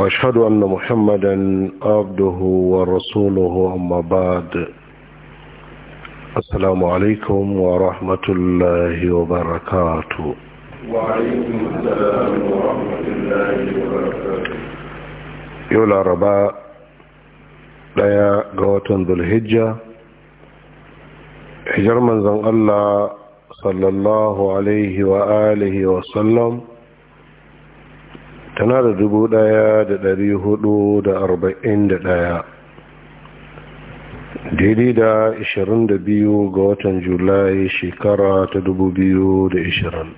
واشهد ان محمدا عبده ورسوله اما بعد السلام عليكم ورحمه الله وبركاته وعليكم السلام ورحمه الله وبركاته يوم الاربعاء daya ga ذو الهجه hijar من Allah sallallahu صلى الله عليه واله وسلم tana da dubu ɗaya da dari hudu da arba'in da ɗaya daidai da ishirin da biyu ga watan julai shekara ta dubu biyu da ishirin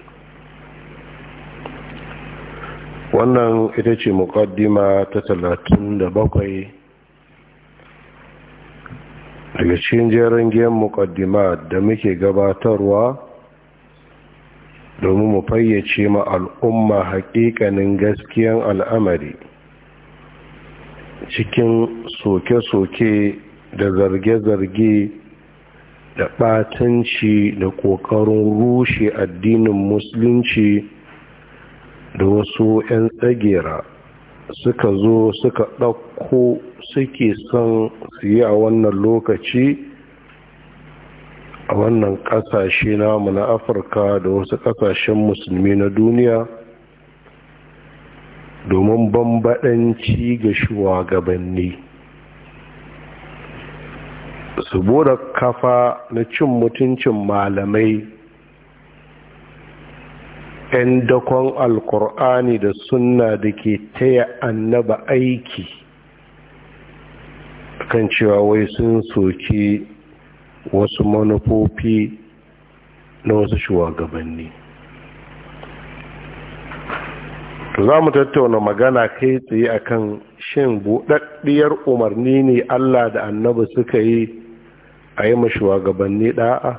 wannan ita ce mukaddima ta talatin da bakwai daga cikin jerin giyan mukaddima da muke gabatarwa domin mu fayyace ma al'umma haƙiƙanin gaskiyan al'amari cikin soke-soke da zarge-zarge da ɓatanci da ƙoƙarin rushe addinin musulunci da wasu 'yan tsagera suka zo suka ɗauko suke son su yi a wannan lokaci a wannan kasashe namu na afirka da wasu kasashen musulmi na duniya domin bambadanci ga shugabanni su bude kafa na cin mutuncin malamai 'yan dakon alkur'ani da sunna da ke taya annaba aiki kan cewa wai sun soke. wasu manufofi na wasu shugabanni za mu tattauna magana kai tsaye akan shin buɗaɗɗiyar umarni ne Allah da annabi suka yi a yi shugabanni ɗa'a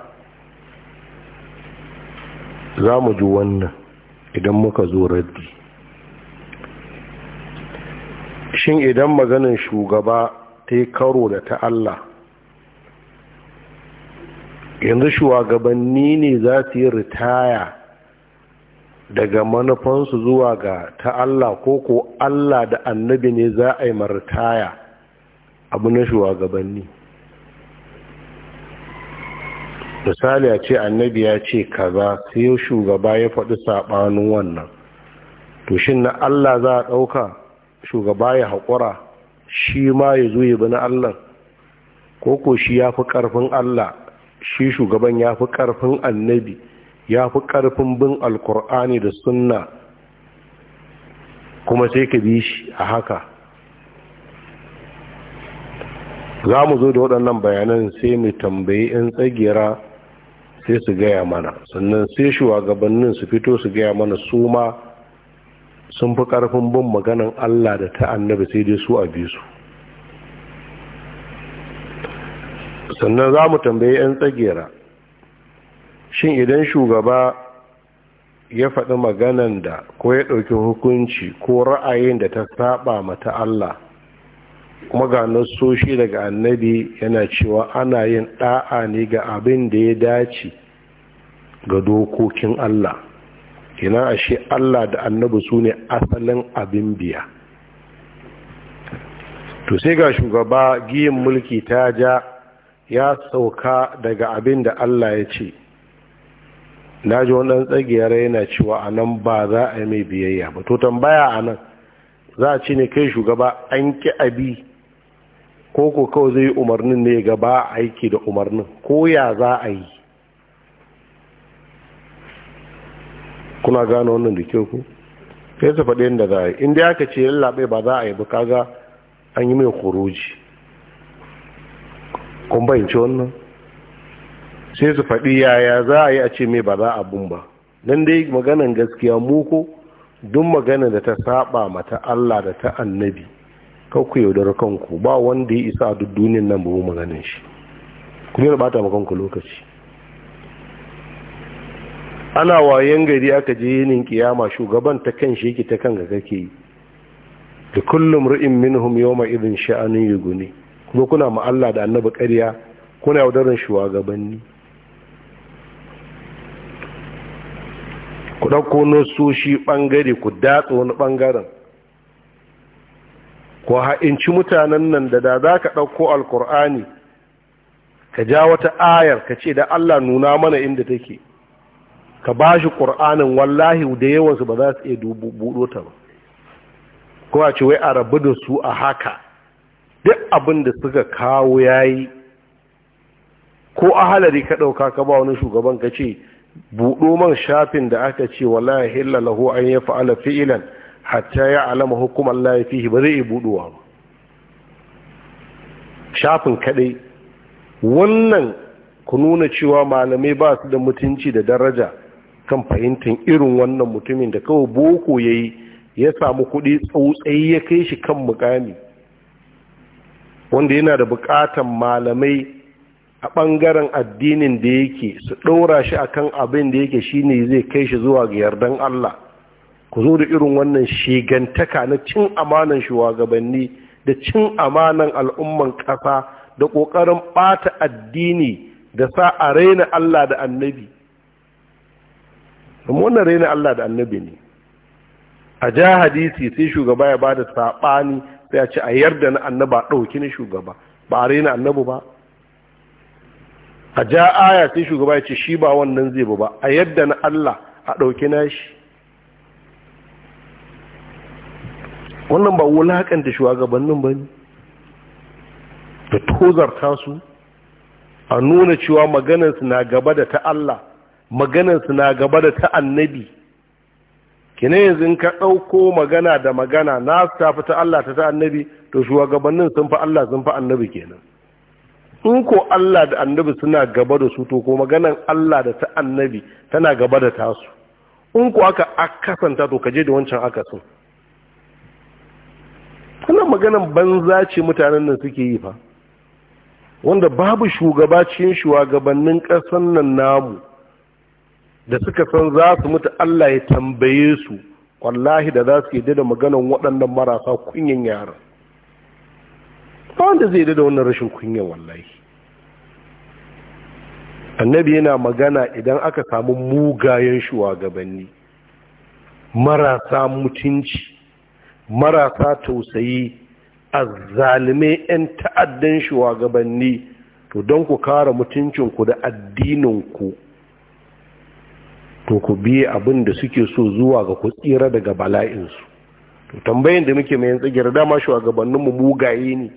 za mu ji wannan idan muka zo raddi shin idan maganin shugaba ta yi karo da ta Allah yanzu shugabanni ne za su yi ritaya daga manufansu zuwa ga ta Allah ko ko Allah da annabi ne za a yi maritaya abu na shugabanni misali a ce annabi ya ce kaza sai shugaba ya faɗi saɓanin wannan to shi na Allah za a ɗauka shugaba ya haƙura shi ma ya zo ya bi na Allah ko ko shi ya fi ƙarfin Allah shi shugaban ya fi ƙarfin annabi ya fi ƙarfin bin alkur'ani da sunna kuma sai ka bi shi a haka za mu zo da waɗannan bayanan sai mu tambayi 'yan tsagera sai su gaya mana sannan sai shugabannin su fito su gaya mana su ma sun fi ƙarfin bin maganan allah da ta annabi sai dai su a bi sannan za mu tambayi 'yan tsagera shin idan shugaba ya faɗi maganan da ko ya ɗauki hukunci ko ra'ayin da ta saba mata Allah kuma ga nassoshi daga annabi yana cewa ana yin ɗa'a ne ga abin da ya dace ga dokokin Allah ina ashe Allah da annabi su ne asalin abin biya to sai ga shugaba giyin mulki ta ja ya sauka daga abin da Allah ya ce na ji wani tsagiyar yana cewa a nan ba za a yi mai biyayya ba to tambaya a nan za a ce ne kai shugaba an ki abi ko ko kawai zai umarnin ne gaba aiki da umarnin ko ya za a yi kuna gane wannan da kyau ku Kai su faɗi yadda za a yi inda aka ce lallaɓe ba za a yi ba kaga an yi mai kuroji kun wannan sai su faɗi yaya za a yi a ce mai ba za a bin ba don dai maganan gaskiya muku duk maganan da ta saba mata Allah da ta annabi ku yaudar kanku ba wanda ya isa a duk duniyan nan babu maganin shi ku ne bata ma kanku lokaci ana wayan gari aka je yinin kiyama shugaban ta kan shi yake ta kan ga kake yi da kullum ru'in minhum yawma idhin sha'anin yughni kuma kuna ma'alla da annabi ƙarya kuna yaudarar shugabanni ku ɗauko nasoshi ɓangare ku datsa wani ɓangaren ku ha'inci mutanen nan da da za ka ɗauko alkur'ani ka ja wata ayar ka ce da Allah nuna mana inda take ka ba shi ƙur'anin wallahi da yawansu ba za su iya dubu buɗo ta ba ko a ce wai a rabu da su a haka duk abin da suka kawo ya yi, ko a halari ka ɗauka ka ba wani shugaban ka ce buɗo man shafin da aka ce wallahi hila lahu an ya fa'ala fi'ilan hatta ya alama hukumar lahi fihi ba zai yi buɗuwa ba shafin kaɗai wannan ku nuna cewa malamai ba su da mutunci da daraja kan fahimtar irin wannan mutumin da kawai boko ya yi ya samu kuɗi tsautsai ya kai shi kan mukami wanda yana da bukatan malamai a ɓangaren addinin da yake su ɗora shi a kan abin da yake shi ne zai kai shi zuwa ga yardan Allah ku zo da irin wannan shigantaka na cin amanan shugabanni da cin amanan al'umman ƙasa da ƙoƙarin ɓata addini da sa a raina Allah da annabi wannan raina Allah da annabi ne a ja hadisi sai shugaba ya bada saɓani sai a ce a yarda na annaba ɗauki ni shugaba ba a raina annabu ba a ja aya sai shugaba ya ce shi ba wannan zai ba a yarda na Allah a ɗauki na shi wannan ba wulakanta shugabannin ba ne da tozarta su a nuna cewa maganarsu na gaba da ta Allah maganarsu na gaba da ta annabi kina yanzu ka ɗauko magana da magana na ta fi ta Allah ta ta annabi to shugabannin sun fi Allah sun fi annabi kenan in ko Allah da annabi suna gaba da su to ko maganan Allah da ta annabi tana gaba da tasu in ko aka akasanta to kaje da wancan akasin kuna maganan banza ce mutanen nan suke yi fa wanda babu shugaba cikin shugabannin ƙasar nan namu da suka san za su mutu Allah ya tambaye su wallahi da za su yi da maganan waɗannan marasa kunyan yaran ba wanda zai daidai wannan rashin kunyan wallahi annabi yana magana idan aka samu mugayen shugabanni marasa mutunci marasa tausayi a zalime 'yan ta'addan shugabanni to don ku kare mutuncinku da addininku to ku biya abin da suke so zuwa ga ku tsira daga bala'insu to tambayin da muke mai yin tsagira dama shugabanninmu mugaye ne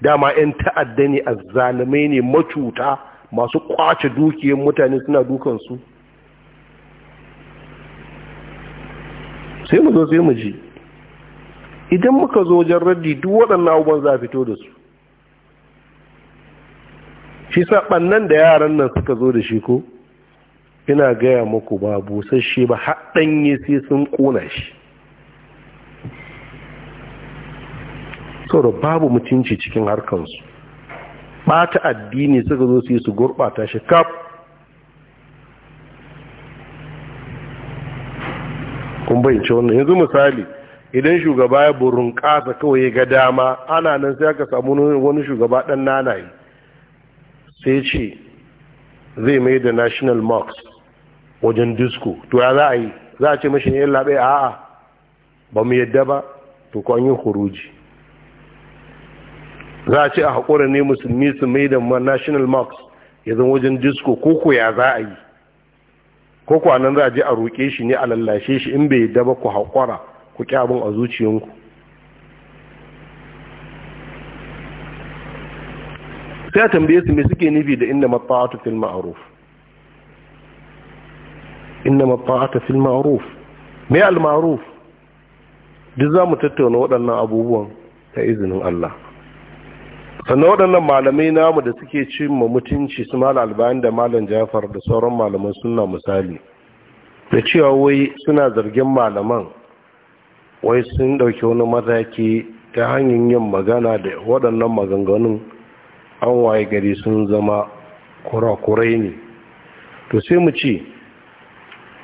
dama yan ta'adda ne azzalumai ne macuta masu kwace dukiyar mutane suna dukansu sai mu zo sai mu ji idan muka zo wajen raddi duk waɗannan abubuwan za a fito da su shi sa ɓannan da yaran nan suka zo da shi ko ina gaya muku ba busasshe ba haɗanye sai sun ƙona shi saboda babu mutunci cikin harkansu ɓata addini suka zo su yi su gurɓata shi kaf kun bayyance wannan yanzu misali idan shugaba ya burin ƙasa kawai ya ga dama ana nan sai aka samu wani shugaba ɗan nanaye sai ce zai mai da national marks wajen disko to ya za a yi za a ce mashi ne labe a'a ba mu yadda ba to ko an yi huruji za a ce a haƙura ne musulmi su mai da national marks ya zan wajen disko koko ya za a yi koko a za a je a roƙe shi ne a lallashe shi in bai yadda ba ku haƙura ku ƙi bin a zuciyanku sai a tambaye su me suke nufi da inda mata'atu fil ma'ruf innama ta'ata fil ma'ruf me al ma'ruf duk za mu tattauna waɗannan abubuwan ta izinin Allah sannan waɗannan malamai namu da suke cimma mutunci su mala albayan da malam jafar da sauran malaman suna misali da cewa wai suna zargin malaman wai sun ɗauki wani mataki ta hanyar yin magana da waɗannan maganganun an waye gari sun zama kurakurai ne to sai mu ce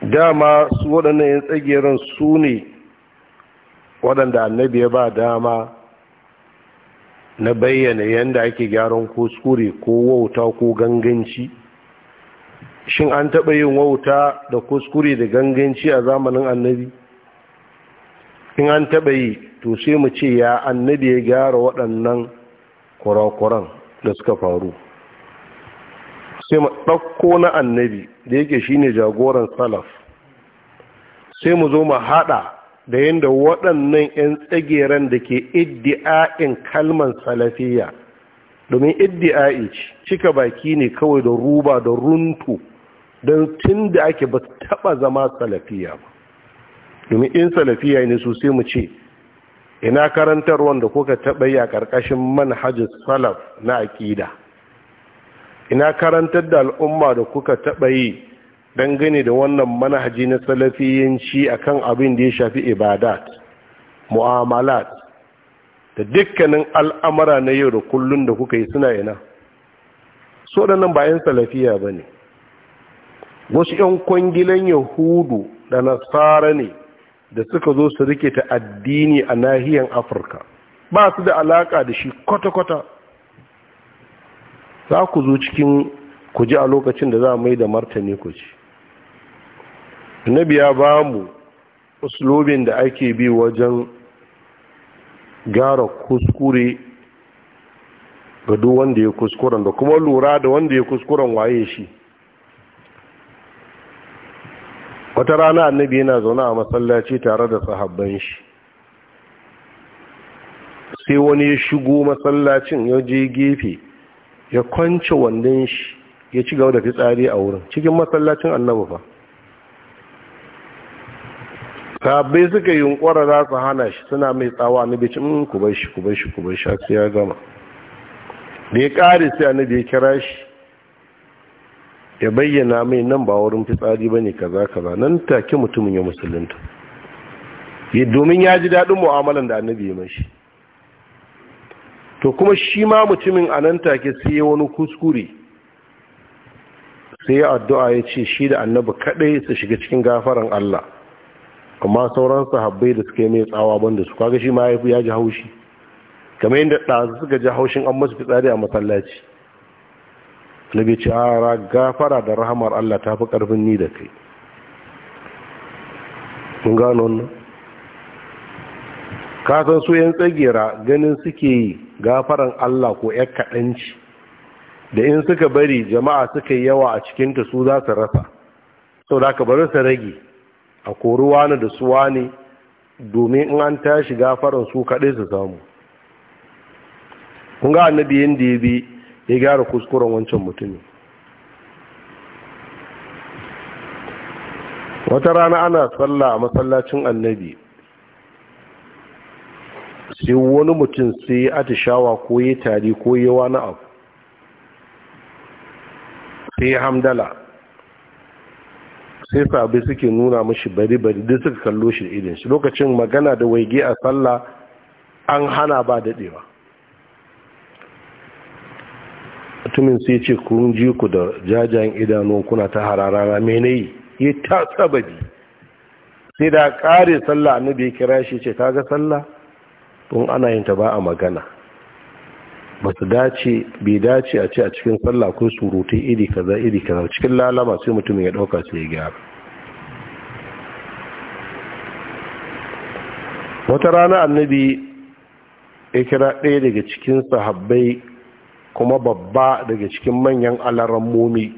dama su waɗannan yan tsageren su ne waɗanda annabi ya ba dama na bayyana yadda ake gyaran kuskure ko wauta ko ganganci shin an taɓa yin wauta da kuskure da ganganci a zamanin annabi in an taɓa yi to sai mu ce ya annabi ya gyara waɗannan kurakuran da suka faru sai mu ɗauko na annabi da yake shine jagoran salaf sai mu zo mu hada da yadda waɗannan 'yan tsageren da ke iddi'a'in kalman salafiya domin iddi'a'i cika baki ne kawai da ruba da runtu don tun da ake ba taɓa zama salafiya ba domin in salafiya ne su sai mu ce ina karantar wanda kuka taɓa yi a ƙarƙashin manhajin salaf na aƙida ina karantar da al'umma da kuka taɓa yi dangane da wannan manhaji na salafiyanci akan abin da ya shafi ibadat mu'amalat da dukkanin al'amara na yau da kullun da kuka yi suna ina so da nan bayan salafiya ba ne wasu ‘yan kwangilan yahudu da nasara ne da suka zo su rike ta addini a nahiyar afirka ba su da alaƙa da shi kwata-kwata za ku zo cikin ku a lokacin da za mai da martani ku ci annabi ya ba mu uslubin da ake bi wajen gyara kuskure ga duk wanda ya kuskuren da kuma lura da wanda ya kuskuren waye shi wata rana annabi yana zaune a masallaci tare da sahabban shi sai wani ya shigo masallacin ya je gefe ya kwance wandon shi ya ci gaba da fitsari a wurin cikin masallacin annabu fa sabai suka yunkura za su hana shi suna mai tsawa na bicin mm, kubai shi ku shi ku shi ya gama da ya kare sai annabi ya kira shi ya bayyana mai nan ba wurin fitsari ba ne kaza kaza nan take mutumin ya musulunta domin ya ji daɗin mu'amalan da annabi ya mashi to kuma shi ma mutumin a nan take sai ya wani kuskure sai ya addu'a ya ce shi da annabi kadai su shiga cikin gafaran Allah amma sauran sahabbai da suka yi mai tsawa banda su kaga shi ma ya ji haushi kamar yadda ɗazu suka ji haushin an masu fitsari a masallaci nabi ce ah, a gafara da rahamar Allah ta fi ƙarfin ni da kai mun gano wannan kasan su yan tsagera ganin suke yi gafaran Allah ko ‘yar kaɗanci da in suka bari jama'a suka yi yawa a cikinta su za su rasa sau da ka bari su rage a koruwa na da suwa ne domin in an tashi gafaran su kaɗai su samu kun ga annabi yadda ya bi ya gyara kuskuren wancan mutumin wata rana ana sallah a masallacin annabi sai wani mutum sai ya shawa ko ya tari ko yi wani abu sai hamdala sai sabi suke nuna mashi bari-bari duk suka kallo shi irin shi lokacin magana da waige a sallah an hana ba daɗewa mutumin sai ce kun ji ku da jajayen idanu kuna ta hararara mene yi ya ta sabadi sai da ƙare sallah annabi ya kira shi ce "Ta ga sallah tun ana yin ta ba a magana ba su dace bai dace a ce a cikin sallah ko surutai iri kaza iri kaza cikin lalama sai mutumin ya dauka sai ya gyara wata rana annabi ya kira ɗaya daga cikin sahabbai kuma babba daga cikin manyan momi,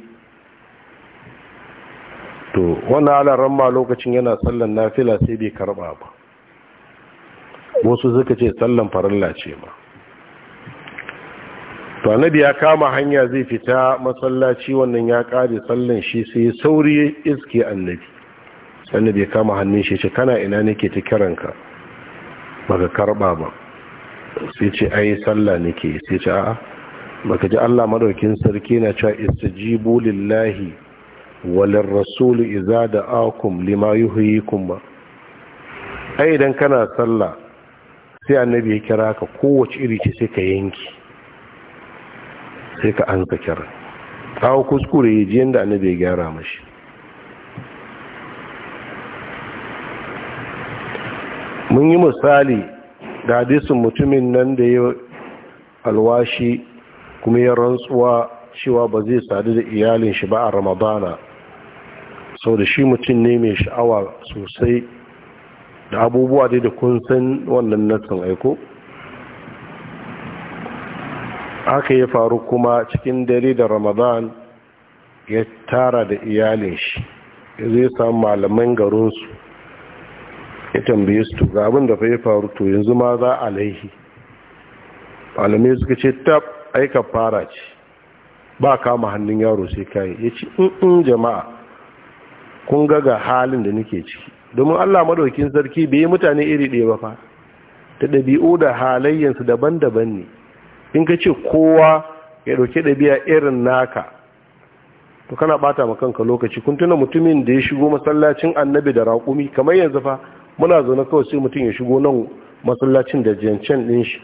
to wani ma lokacin yana sallan nafila sai bai karba ba wasu suka ce sallan farilla ce ma to ya kama hanya zai fita masallaci wannan ya kare sallan shi sai sauri iske annabi sannan bai kama hannun shi ce kana ina nake ta kiranka baka karba ba sai ce ai sallah nake sai ce a'a baka ji Allah madaukin sarki na cewa istajibu lillahi walir rasulu izada akum lima yuhyikum ba ai idan kana sallah sai annabi ya kira ka kowace iri ce sai ka yanki sai ka an ka kira kawo kuskure ya ji yadda annabi ya gyara mashi mun yi misali da hadisin mutumin nan da ya alwashi kuma ya rantsuwa cewa ba zai sadu da iyalin shi ba a ramadana sau da shi mutum ne mai sha'awa sosai da abubuwa dai da kun san wannan nassin aiko haka ya faru kuma cikin dare da ramadan ya tara da iyalin shi ya zai samu malaman garinsu ya tambaye su ga abin da fai faru to yanzu ma za a laihi malamai suka ce tab aika fara ce ba kama hannun yaro sai kayi ya ce in jama'a kun ga ga halin da nake ciki domin Allah madaukin sarki bai mutane iri ɗaya ba fa da ɗabi'u da halayyansu daban-daban ne in ka ce kowa ya ɗauki ɗabi'a irin naka to kana bata ma kanka lokaci kun tuna mutumin da ya shigo masallacin annabi da raƙumi kamar yanzu fa muna zaune kawai sai mutum ya shigo nan masallacin da jancan ɗin shi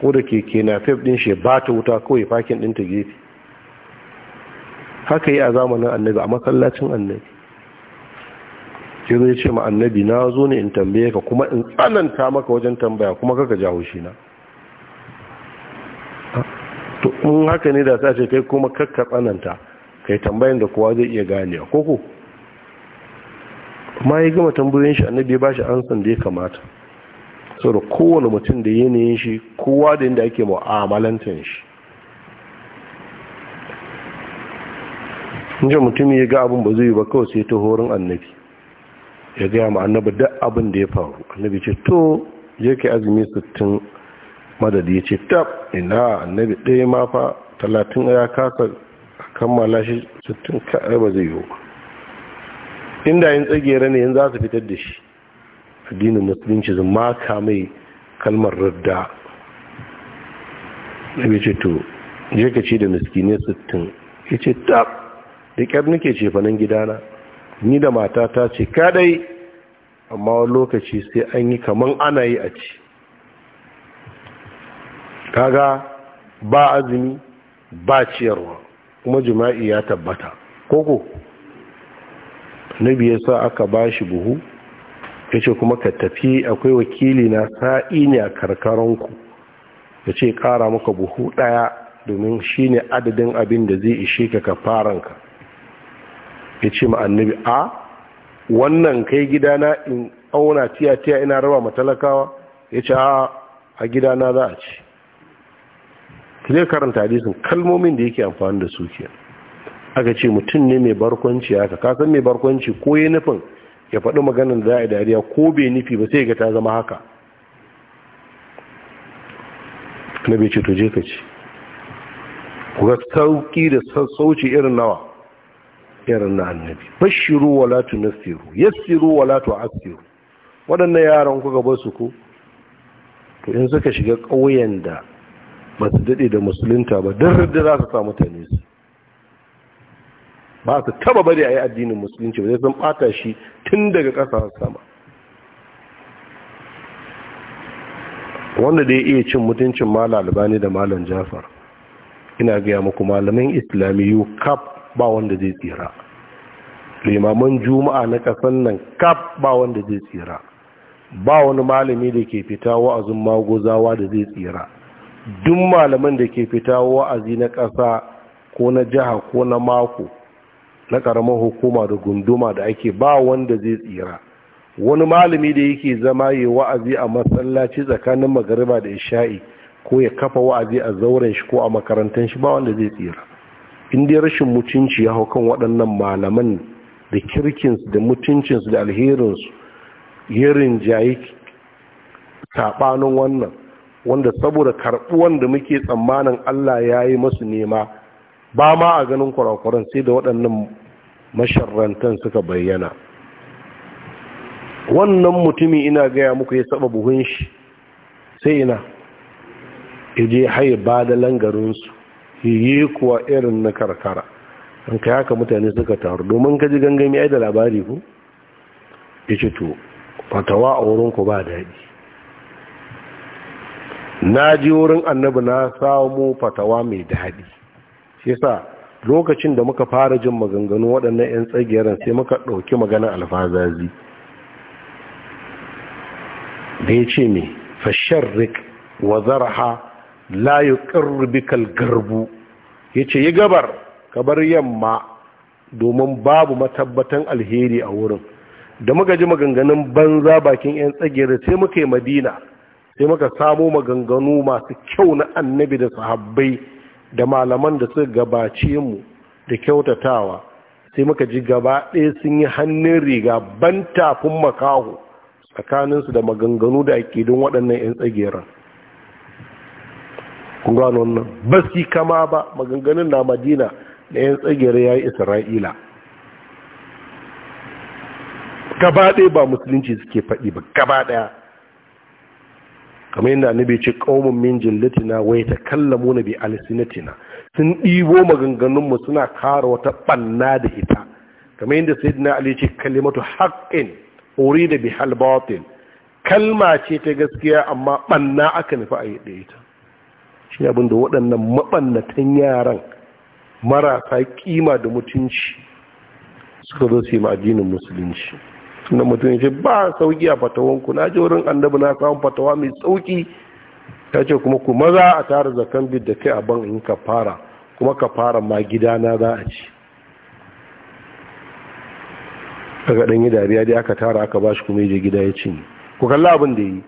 ko da keke na fef ɗin shi ba ta wuta kawai fakin ɗin ta gefe haka yi a zamanin annabi a masallacin annabi sai zai ce ma annabi na zo ne in tambaye ka kuma in tsananta maka wajen tambaya kuma kaka jawo haushi na to in haka ne da sa ce kai kuma kaka tsananta kai tambayin da kowa zai iya gane koko kuma ya gama tambayoyin shi annabi ba shi ansan da ya kamata saboda kowane mutum da yanayin shi kowa da yadda ake mu'amalantar shi in ji mutum ya ga abin ba zai yi ba kawai sai ta horin annabi ya gaya ma annabi duk abin da ya faru annabi ce to je ki azumi sittin madadi ya ce tab ina annabi ɗaya ma fa talatin ya kasa kammala shi sittin kaɗai ba zai yi ba inda yin tsagera ne yin za su fitar da shi addinin musulunci zan maka mai kalmar radda annabi ce to je ka ce da miskinai sittin ya ce tab da ƙyar nake ce gidana ni da matata ce kadai amma wani lokaci sai an yi kaman ana yi a ci kaga ba azumi ba ciyarwa kuma jima'i ya tabbata koko nabi ya sa aka ba shi buhu ya ce kuma ka tafi akwai wakili na sa'i ne a karkaranku ya ce kara maka buhu daya domin shi ne adadin abin da zai ishe ka ka faranka ya ce ma a wannan kai gidana in auna tiya-tiya ina raba matalakawa ya ce a gidana za a ci ki zai karanta hadisun kalmomin da yake amfani da suke aka ce mutum ne mai barkwanci haka kasan mai barkwanci ko ya nufin ya faɗi maganar da za a dariya ko bai nufi ba sai ga ta zama haka na bai ce to je ka ce ku ga sauki da sassauci irin nawa irin na annabi bashiru wala tunasiru yassiru wala tu'assiru waɗannan yaran ku gaba su ku to in suka shiga ƙauyen da ba su daɗe da musulunta ba don da za su sa mutane su ba su taba bari a yi addinin musulunci ba zai sun ɓata shi tun daga ƙasa sama wanda da ya iya cin mutuncin malalba ne da malam jafar ina gaya muku malamin islamiyu kaf ba wanda zai tsira limaman juma'a na kasan nan kaf ba wanda zai tsira ba wani malami da ke fita wa'azin magozawa da zai tsira duk malaman da ke fita wa'azi na ƙasa ko na jiha ko na mako na ƙaramar hukuma da gunduma da ake ba wanda zai tsira wani malami da yake zama ya wa'azi a masallaci tsakanin magariba da isha'i ko ya kafa wa'azi a zauren shi ko a makarantar shi ba wanda zai tsira in dai rashin mutunci ya hau kan waɗannan malaman da kirkinsu da mutuncinsu da alherinsu ya jayi, saɓanin wannan wanda saboda karɓuwan da muke tsammanin Allah ya yi masu nema ba ma a ganin kurakuran sai da waɗannan masharrantan suka bayyana wannan mutumi ina gaya muku ya saba buhun shi sai ina ije haye ba da langarinsu yi kuwa irin na karkara an kai haka mutane suka taru domin ka ji gangami ai da labari ku ya ce to fatawa a wurinku ba daɗi na ji wurin annabi na samu fatawa mai daɗi shi sa lokacin da muka fara jin maganganu waɗannan 'yan tsagiyar sai muka ɗauki maganar alfazazi da ya ce mai rik wa zarha la yuqirru Garbu ya ce yi gabar ka bar yamma domin babu matabbatan alheri a wurin da muka ji maganganun banza bakin yan da sai muka yi madina sai muka samo maganganu masu kyau na annabi da sahabbai da malaman da suka gabace mu da kyautatawa sai muka ji gaba ɗaya sun yi hannun riga ban tafin makaho tsakaninsu da maganganu da aƙidun waɗannan 'yan tsageren kun gano wannan ba kama ba maganganun na madina da yan tsagere ya yi isra'ila gaba ɗaya ba musulunci suke faɗi ba gaba ɗaya kamar yadda annabi ce qaumun min jillatina kalla muna bi alsinatina sun ɗibo maganganun mu suna kara wata ɓanna da ita kamar yadda sayyidina ali ce kalimatu haqqin urida bi hal kalma ce ta gaskiya amma ɓanna aka nufi a yi ita shi abinda waɗannan maɓannatan yaran marasa kima da mutunci suka zo su yi addinin musulunci na mutunci ce ba sauki a fatawanku na ji wurin annabi na samun fatawa mai sauki ta ce kuma ku maza a tara zakan bid da kai a ban in ka fara kuma ka fara ma gidana za a ci daga ɗanyi dariya dai aka tara aka ba shi kuma je gida ya cinye ku kalla abin da yi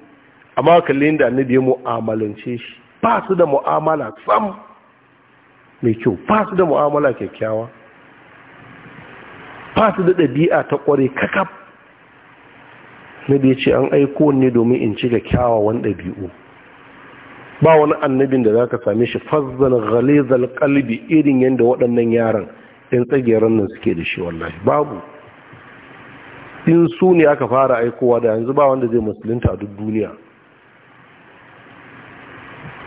amma kalli da annabi ya mu'amalance shi ba da mu'amala sam mai kyau ba su da mu'amala kyakkyawa ba da ɗabi'a ta ƙware kakaf Na ya ce an aiko ne domin in ci ga kyawawan ɗabi'u ba wani annabin da za ka same shi fazzan ghalizal kalbi irin yadda waɗannan yaran ɗin tsagiyar nan suke da shi wallahi babu in su ne aka fara aikowa da yanzu ba wanda zai musulunta a duk duniya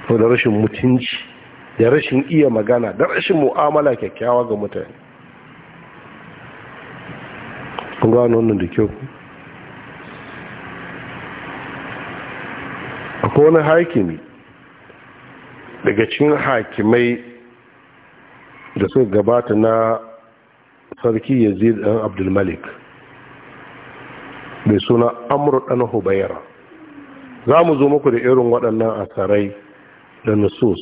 ko da rashin mutunci da rashin iya magana da rashin mu'amala kyakkyawa ga mutane kun gano wannan da kyau akwai wani hakimi daga cikin hakimai da suka gabata na sarki yazid ɗan abdulmalik mai suna amur ɗan hubayara za mu zo muku da irin waɗannan asarai da nusus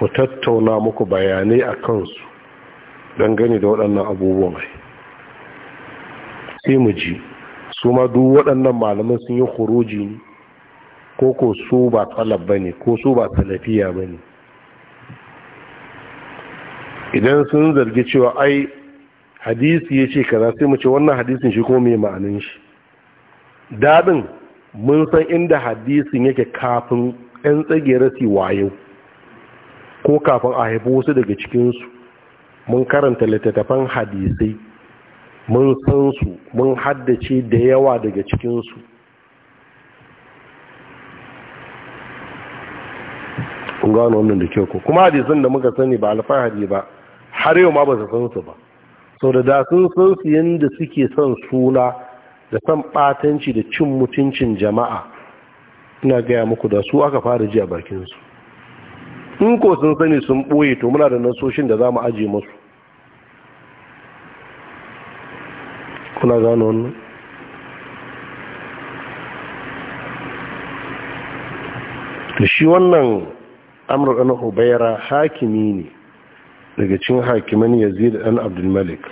mu tattauna muku bayanai a kansu don gani da waɗannan abubuwan sai mu ji su ma duk waɗannan malaman sun yi huruji ne ko ko su ba talab ba ne ko su ba talafiya ba ne idan sun zargi cewa ai hadisi ya ce kaza sai mu ce wannan hadisin shi ko mai ma'anin shi daɗin mun san inda hadisin yake kafin 'yan tsagera wa wayo ko kafin a haifi wasu daga cikinsu mun karanta littattafan hadisai mun san su mun haddace da yawa daga cikinsu kun gano wannan da kyau kuma hadisan da muka sani ba alfahari ba har yau ma ba su san su ba sau da da sun san su yadda suke son suna da son batanci da cin mutuncin jama'a ina gaya muku da su aka fara ji a su in ko sun sani sun ɓoye to muna da nasoshin da za mu aje masu kuna gano wannan to shi wannan amur hubaira hakimi ne daga cikin hakiman yazid ɗan abdulmalik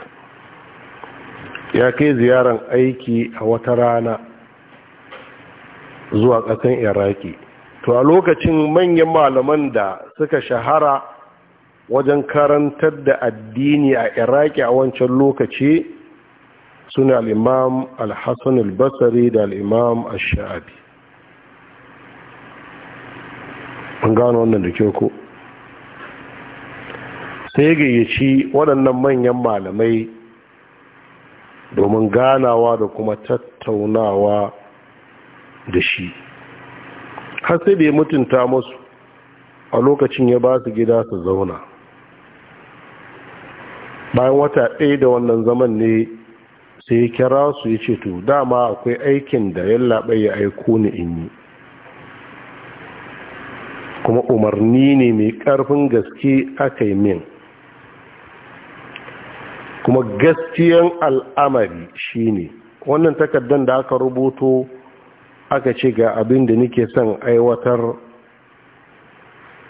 ya kai ziyaran aiki a wata rana zuwa ƙasan iraki to a lokacin manyan malaman da suka shahara wajen karantar da addini a iraki a wancan lokaci suna al'imam al-hassan al-basari da al'imam al-sha'abi an gano wannan da ke ku. sai gayyaci waɗannan manyan malamai domin ganawa da kuma tattaunawa da shi har sai da ya mutunta musu a lokacin ya ba su gida su zauna bayan wata ɗaya da wannan zaman ne sai ya kira su ya ce to dama akwai aikin da yallaɓa ya aiko ni in yi kuma umarni ne mai ƙarfin gaske aka yi min kuma gaskiyan al'amari shine wannan takardar da aka rubuto aka ce ga abin da nike son aiwatar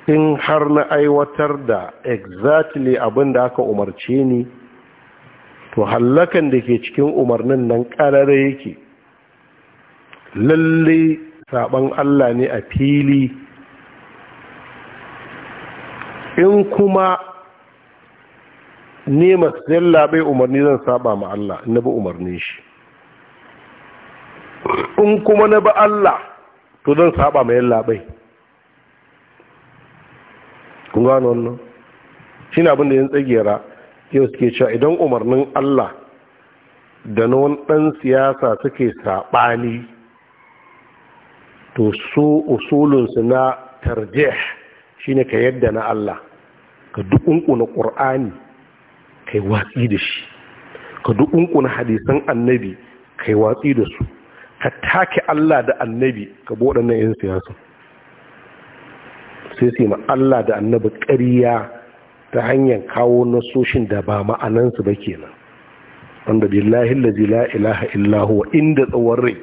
in har na aiwatar da exactly abin da aka umarce ni to hallakan da ke cikin umarnin nan karare yake lalle saban Allah ne a fili in kuma ne masu yallaɓe umarni zan saba ma Allah na bi umarni shi in kuma na ba Allah to zan saba mai labai kun gano wannan shi ne abin da yin tsagera yau suke cewa idan umarnin Allah da na wani ɗan siyasa suke saɓani to su usulunsu na tarje shi ne ka yadda na Allah ka na ƙur'ani kai watsi da shi ka na hadisan annabi kai watsi da su ka take Allah da annabi ka bo waɗannan 'yan siyasa sai sai ma Allah da annabi ƙariya ta hanyar kawo nasoshin da ba ma'anansu ba ke nan. wanda billahi lazi la ilaha illahu wa inda tsawon rai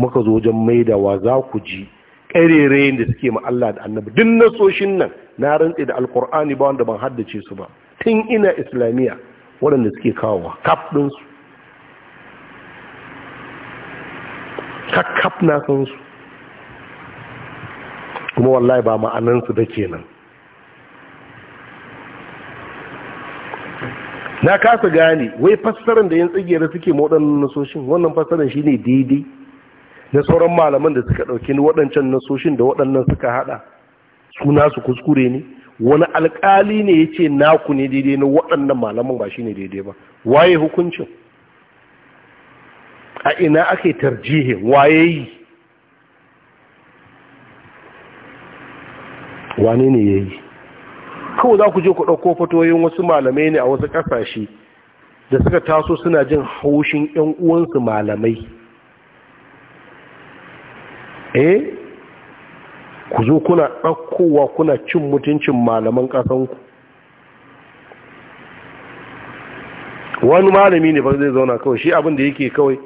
muka zo wajen maidawa za ku ji ƙarerayen da suke ma Allah da annabi duk nasoshin nan na rantse da alkur'ani ba wanda ban haddace su ba tun ina islamiyya waɗanda suke kawowa kaf ɗinsu kakkaf na san su kuma wallahi ba ma'anansu da ke nan na kasa gane wai fassarar da yin tsigiyar suke waɗannan nasoshin wannan fassarar shi daidai na sauran malaman da suka ɗauki waɗancan nasoshin da waɗannan suka haɗa suna su kuskure ne wani alkali ne ya ce naku ne daidai na waɗannan malaman ba shine daidai ba waye hukuncin a ina ake tarjihin waye yi wane ne ya yi kawai za ku je ku ɗauko fatoyin wasu malamai ne a wasu ƙasashe da suka taso suna jin haushin 'yan uwansu malamai eh ku zo kuna ɗaukowa kuna cin mutuncin malaman ƙasanku wani malami ne ba zai zauna kawai shi abin da yake kawai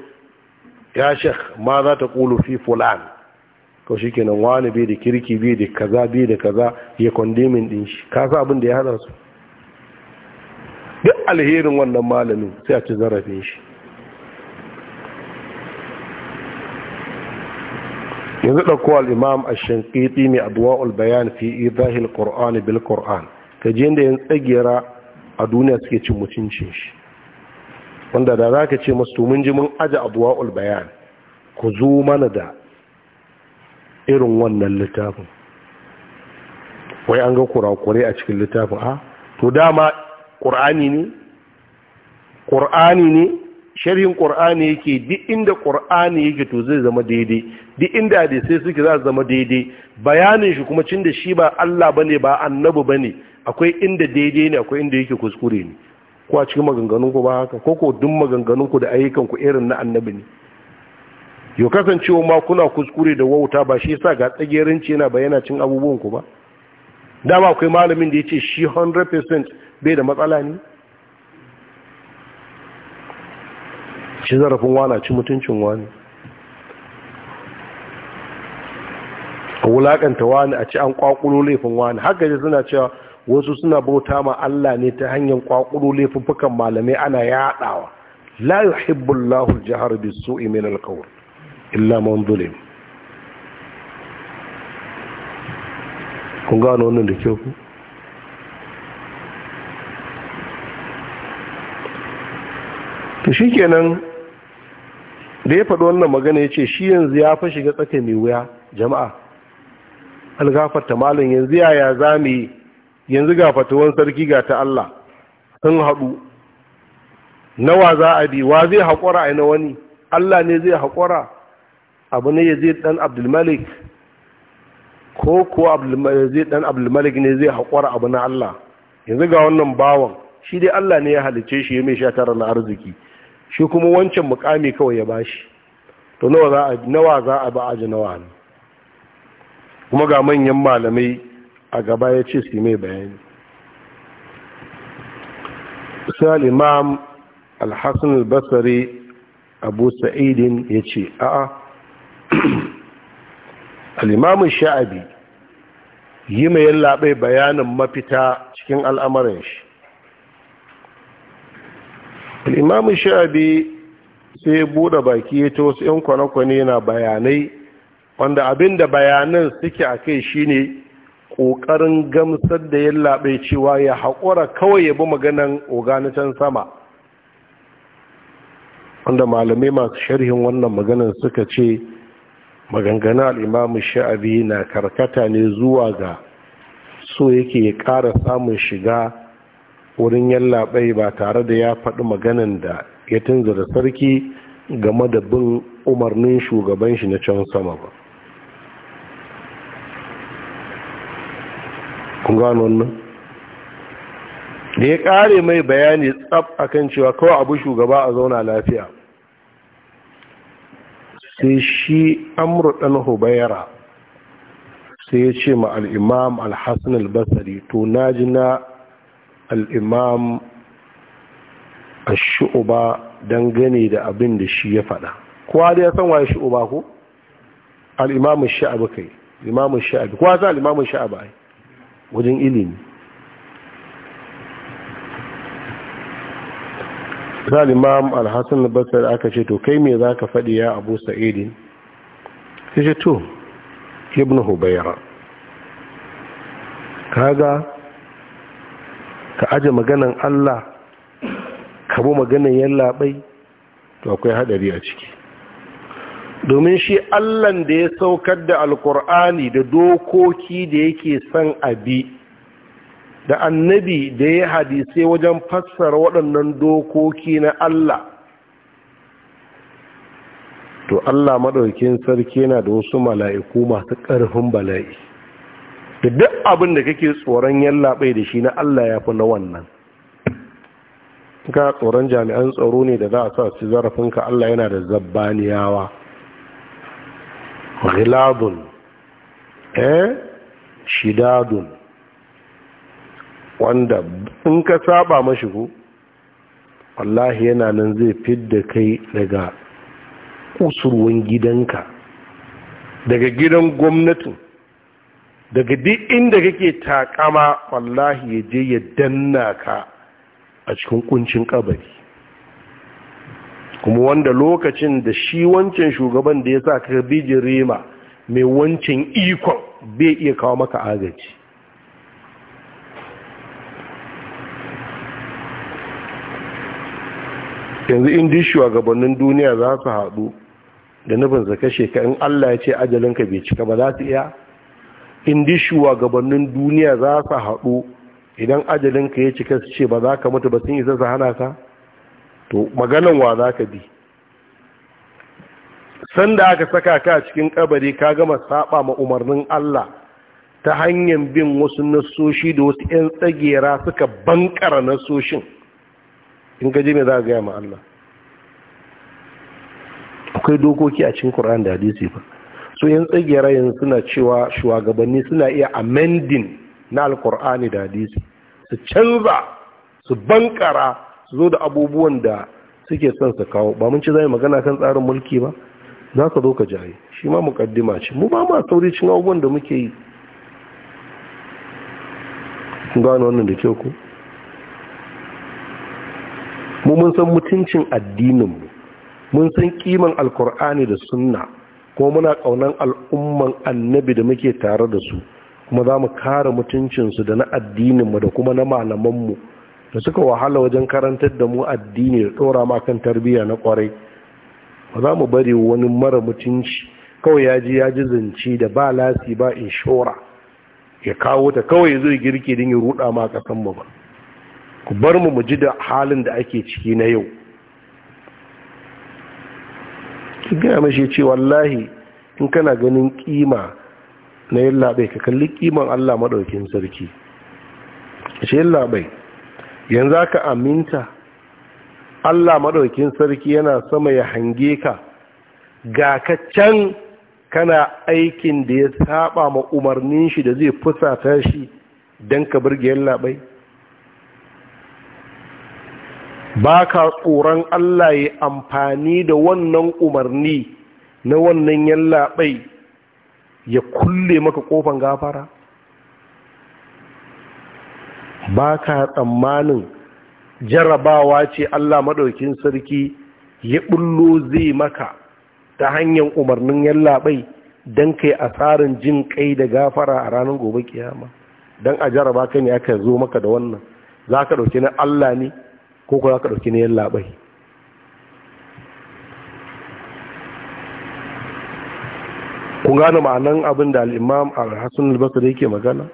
ya shek ma za ta ƙulu fi fulan ko shi kenan wani bai da kirki bai da kaza bai da kaza ya kondimin din shi ka sa abin da ya hada su duk alherin wannan malamin sai a ci zarafin shi yanzu ɗauko al'imam a shankiti mai abuwa bayan fi idahil ƙor'ani bil ƙor'an ka je da yin tsagera a duniya suke cin mutuncin shi wanda da za ka ce masu mun ji mun aji abuwa ulbayan ku zo mana da irin wannan littafin wai an ga kurakure a cikin littafin a to dama ƙur'ani ne ƙur'ani ne sharhin ƙur'ani yake duk inda ƙur'ani yake to zai zama daidai duk inda sai suke za su zama daidai bayanin shi kuma cin da shi ba Allah bane ba annabi bane akwai inda daidai ne akwai inda yake kuskure ne ko a cikin ku ba haka ko ko duk maganganun ku da ayyukan ku irin na annabi ne yo kasancewa ma kuna kuskure da wauta ba shi yasa ga tsagerinci yana bayyana cin abubuwan ku ba dama akwai malamin da ya ce shi 100% bai da matsala ne shi zarafin wana ci mutuncin wani a wulakanta wani a ci an kwakulo laifin wani haka ne suna cewa wasu suna bauta ma Allah ne ta hanyar kwakuro laifukan malamai ana yaɗawa. la yuhibbu Allahu al-jahra bis-su'i min al illa man kun gano wannan da kyau ku to shikenan da ya faɗi wannan magana ya ce shi yanzu ya fa shiga tsaka mai wuya jama'a algafarta malam yanzu yaya za mu yi yanzu ga fatuwan sarki ga ta Allah sun haɗu nawa za a bi wa zai haƙura a na wani Allah ne zai haƙura abu ne ya zai ɗan abdulmalik ko ko zai ɗan abdulmalik ne zai haƙura abu na Allah yanzu ga wannan bawan shi dai Allah ne ya halice shi ya mai sha tara na arziki shi kuma wancan mukami kawai ya bashi to nawa za a nawa za a ba aji nawa ne kuma ga manyan malamai a gaba ya ce su mai bayani Salimam imam alhassan albasari abu sa'idin ya ce a'a al'imamun sha'abi yi mai yallaɓe bayanin mafita cikin al'amarin shi al'imamun sha'abi sai ya buɗe baki ta wasu ‘yan kwane-kwane na bayanai wanda abinda bayanan suke a kai shine ƙoƙarin gamsar da ya laɓe cewa ya haƙura kawai ya bi maganan oganitan sama wanda malamai masu sharhin wannan maganan suka ce maganganu al'imamu sha'abi na karkata ne zuwa ga so yake ya ƙara samun shiga wurin yallaɓai ba tare da ya faɗi maganan da ya tunzura sarki game da bin umarnin shugaban shi na can sama ba kun gano wannan da ya kare mai bayani tsab akan cewa kawai abu shugaba a zauna lafiya sai shi amru ɗan hubayra sai ya ce ma al-imam al-hasan al na to naji na al a ash don gane da abin da shi ya faɗa kowa da ya san waye shu'ba ko al-imam kai imam sha'abu kuwa kowa san sha'abu ai wajen ilimi misali imam alhassan basar aka ce to kai me za ka faɗi ya abu sa'idin sai ce to ibn hubayra kaga ka aje maganan allah ka bu maganan yallaɓai to akwai haɗari a ciki domin shi allan da ya saukar da alkur'ani da dokoki da yake son abi da annabi da ya hadisai wajen fassara waɗannan dokoki na allah to allah maɗaukin sarki yana da wasu mala'iku masu ƙarfin bala'i da duk abin da kake tsoron yallaɓai da shi na allah ya fi na wannan ka tsoron jami'an tsaro ne da za a sa su zarafinka allah yana da zabbaniyawa ghiladun eh wanda in ka saba mashi wallahi yana nan zai fidda kai daga kusurwan gidanka daga gidan gwamnati, daga duk inda kake takama wallahi ya je ya danna ka a cikin kuncin kabari kuma wanda lokacin da shi wancan shugaban da ya sa ka jirima mai wancan ikon bai iya kawo maka agaji yanzu indi shugabannin duniya za su haɗu da nufin kashe ka in Allah ya ce ajalinka bai cika ba za su iya indi shugabannin duniya za su haɗu idan ajalinka ya cika su ce ba za ka mutu ba sun isa su hana ka to maganan wa za ka bi sanda aka saka ka cikin kabari ka gama saba ma umarnin Allah ta hanyar bin wasu nasoshi da wasu 'yan tsagera suka bankara nasoshin in gaji mai za a gaya ma Allah akwai dokoki a cikin Kur'an da hadisi ba so 'yan tsagera yanzu suna cewa shugabanni suna iya amending na alkur'ani da hadisi su canza su bankara zo da abubuwan da suke son su kawo ba mun ci zai magana kan tsarin mulki ba za ka zo ka jaye shi ma mukaddima ce mu ba ma sauri cin abubuwan da muke yi gano wannan da kyau ku mu mun san mutuncin addininmu mun san kiman alkur'ani da sunna kuma muna kaunan al'umman annabi da muke tare da su kuma za mu kare mutuncinsu da na addininmu da kuma na malamanmu da suka wahala wajen karantar da mu addini da ɗora makan tarbiyya na kwarai ba za mu bari wani mara mutunci kawai ya ji ya ji zance da ba lasi ba inshora ya kawo ta kawai zai girki don ya ruɗa ma kasan mu ba ku bar mu mu ji da halin da ake ciki na yau ki gaya mashi ce wallahi in kana ganin kima na yin labai ka kalli kiman Allah maɗaukin sarki shi yin labai yanzu aka aminta Allah maɗaukin sarki yana sama ya hange ka ga ka can kana aikin da ya saba ma umarnin shi da zai fusata shi don ka burge yallaɓai ba ka tsoron Allah ya amfani da wannan umarni na wannan yallaɓai ya kulle maka ƙofan gafara ba ka tsammanin jarabawa ce Allah maɗaukin sarki ya ɓullo zai maka ta hanyar umarnin yallaɓai don kai asarin jin kai da gafara a ranar gobe kiyama don a jaraba ka ne aka zo maka da wannan za ka ɗauki na Allah ne ko kuma za ka ɗauki na yallaɓai Ku gane ma'anan abin da al'imam al-hassan al-basir yake magana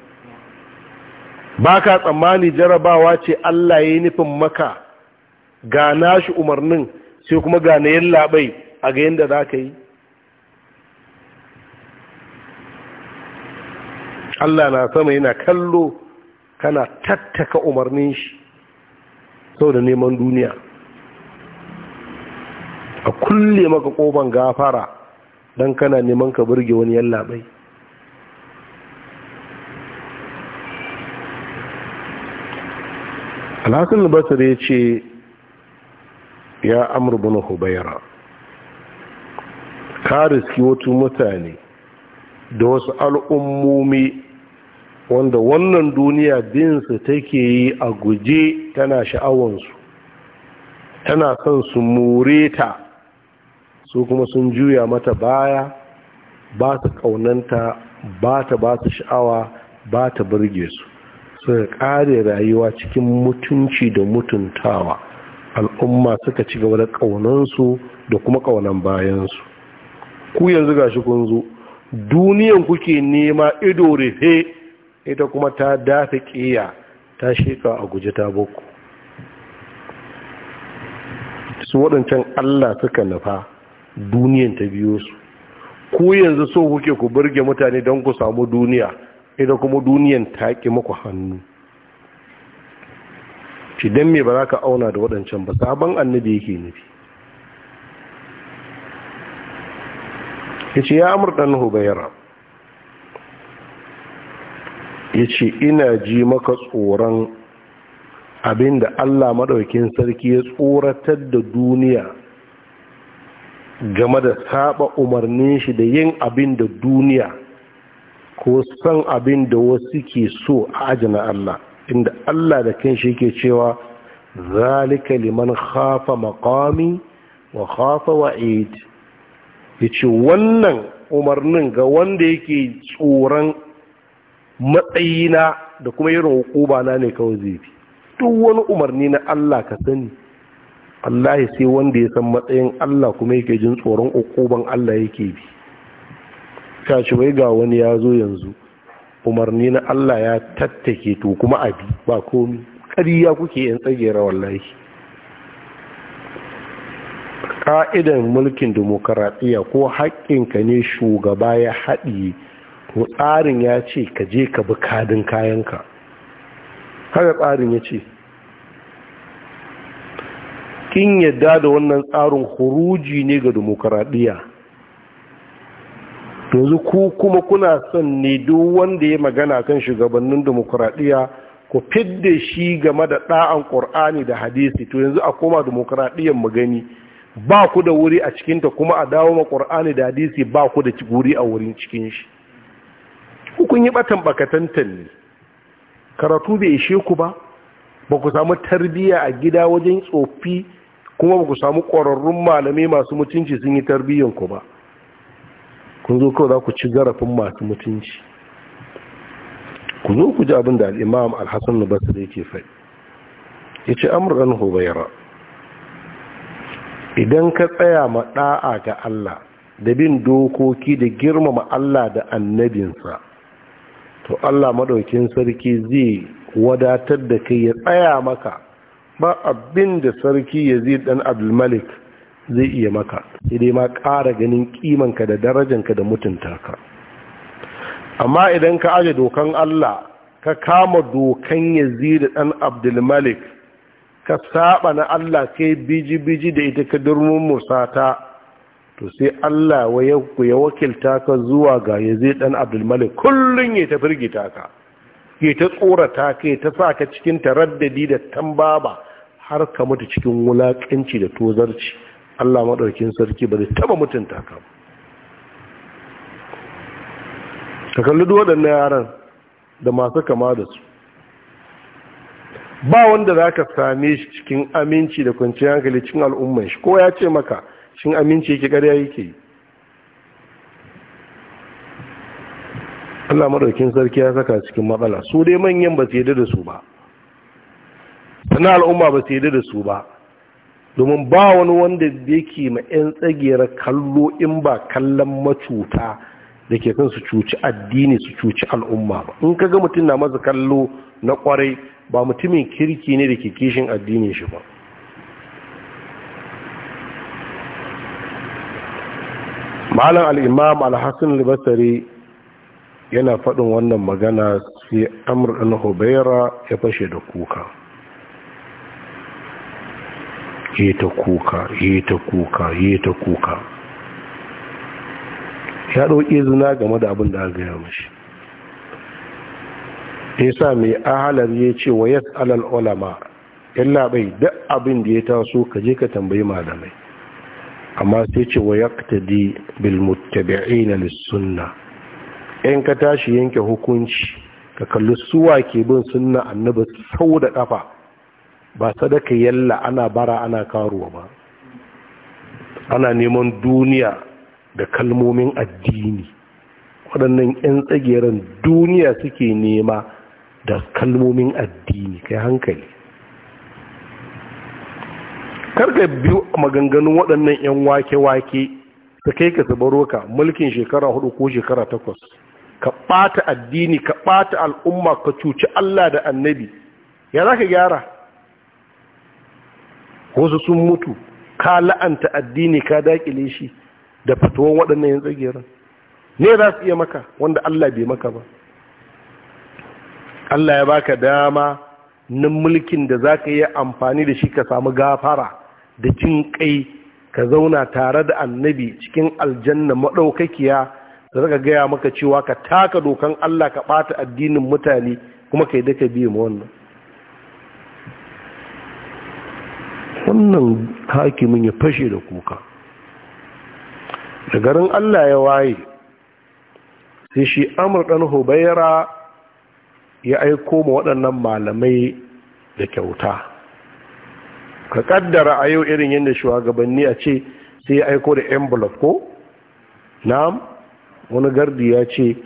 ba ka tsammani jarabawa ce Allah ya yi nufin maka ga nashi umarnin sai kuma ga na labai a ga yadda za ka yi Allah na sama yana kallo kana tattaka umarnin shi sau da neman duniya a kulle maka ƙofan gafara don kana neman ka burge wani yallaɓai da basir ya ce ya amurba na hubaira ka riski wata mutane da wasu al'ummomi wanda wannan duniya dinsu take yi a guje tana sha'awansu tana son su more ta su kuma sun juya mata baya ba ta kaunanta ba ta ba ta sha'awa ba ta burge su suka kare rayuwa cikin mutunci da mutuntawa al'umma suka ci gaba da ƙaunansu da kuma ƙaunan bayansu ku yanzu gashi kun zo duniyan kuke nema ido rufe ita kuma ta dafa ƙiya ta sheka a guje ta boko su waɗancan allah suka nufa duniyan ta biyo su ku yanzu so kuke ku burge mutane don ku samu duniya ita kuma duniyan ta ƙi maku hannu idan me ba za ka auna da waɗancan ba sabon annabi yake nufi ya ce ya amur ɗan ya ce ina ji maka tsoron abinda allah maɗaukin sarki ya tsoratar da duniya game da saba umarnin shi da yin abin da duniya ko san abin da wasu ke so a ajina Allah inda Allah da kan shi ke cewa zalika liman khafa maqami wa khafa wa'id yace wannan umarnin ga wanda yake tsoron matsayina da kuma yin hukuba na ne kawai zai fi, duk wani umarni na Allah ka sani Allah sai wanda ya san matsayin Allah kuma yake jin tsoron hukuban Allah yake bi gitta ce wai ga wani ya zo yanzu umarni na Allah ya tattake to kuma abi ba komi ƙariya kuke yin tsagera wallahi ka'idan mulkin demokaratiyya ko ka ne shugaba ya haɗiye ko tsarin ya ce ka je ka bi kadin kayanka haka tsarin ya ce kin yadda da wannan tsarin huruji ne ga demokaradiyya yanzu ku kuma kuna son ne duk wanda ya magana kan shugabannin demokuraɗiyya ku fidda shi game da ɗa'an ƙur'ani da hadisi to yanzu a koma demokuraɗiyyar mu gani ba ku da wuri a cikinta kuma a dawo ma ƙur'ani da hadisi ba ku da wuri a wurin cikin shi kun yi batan bakatantan ne karatu bai ishe ku ba ba ku samu tarbiyya a gida wajen tsofi kuma ba ku samu ƙwararrun malamai masu mutunci sun yi tarbiyyanku ba kun zo kawai za ku ci zarafin masu mutunci ku zo ku ji abin da al'imam na basu zai yake faɗi ya ce amurɗan hubaira idan ka tsaya ma ɗa'a ga Allah da bin dokoki da girmama Allah da annabinsa to Allah maɗaukin sarki zai wadatar da kai ya tsaya maka ba abin da sarki ya zai ɗan abdulmalik zai iya maka sai ma ƙara ganin ƙimanka da darajanka da mutunta ka amma idan ka aje dokan Allah ka kama dokan yazid dan abdulmalik ka saba na Allah kai biji-biji da ita ka durmin musata to sai Allah ya wakilta ka zuwa ga yazid dan abdulmalik kullum ya ta firgita ka ya ta tsorata ka ya ta sa ka cikin taraddadi da tambaba har ka mutu cikin wulaƙanci da tozarci Allah maɗaukin sarki ba zai taba mutunta ka ka kalli duk waɗannan yaran da masu kama da su ba wanda za ka same shi cikin aminci da kwanciyar hankali cikin al'umman shi ko ya ce maka cikin aminci yake ƙarya yake yi Allah maɗaukin sarki ya saka cikin matsala su dai manyan ba su yi da su ba sana al'umma ba su yi da su ba domin ba wani wanda yake ma 'yan tsagera kallo in ba kallon macuta da ke kan su cuci addini su cuci al'umma ba in kaga mutum na maza kallo na kwarai ba mutumin kirki ne da ke kishin addinin shi ba malam al'imam al-hassan al-basari yana faɗin wannan magana sai amur ɗan hubaira ya fashe da kuka yi ta kuka yi ta kuka yi ta kuka ya ɗauki zina game da abin da aka gaya mashi ya sa mai ahalar ya ce wa yas alal ulama yan labai duk abin da ya taso ka je ka tambayi malamai amma sai ce wa yaqtadi bil muttabi'ina na lissunna yan ka tashi yanke hukunci ka kalli suwa ke bin sunna annabi sau da kafa ba sadaka yalla ana bara ana karuwa ba ana neman duniya da kalmomin addini waɗannan 'yan tsageren duniya suke nema da kalmomin addini kai hankali karka biyu maganganun waɗannan 'yan wake-wake ta kai ka sabaro ka mulkin shekara hudu ko shekara takwas ka ɓata addini ka ɓata al'umma ka cuci allah da annabi ya za ka gyara wasu sun mutu ka la'anta addini ka dakile shi da fatuwan waɗannan yin tsagerin ne za su iya maka wanda Allah bai maka ba Allah ya baka dama na mulkin da za ka yi amfani da shi ka samu gafara da jin kai ka zauna tare da annabi cikin aljanna maɗaukakiya da zaka gaya maka cewa ka taka dokan Allah ka ɓata addinin mutane kuma ka yi daka biyu ma wannan wannan hakimin ya fashe da kuka da garin Allah ya waye sai shi amur ɗan hubaira ya aiko ma waɗannan malamai da kyauta ka ƙaddara a yau irin yadda shugabanni a ce sai ya aiko da envelope ko na'am wani gardi ya ce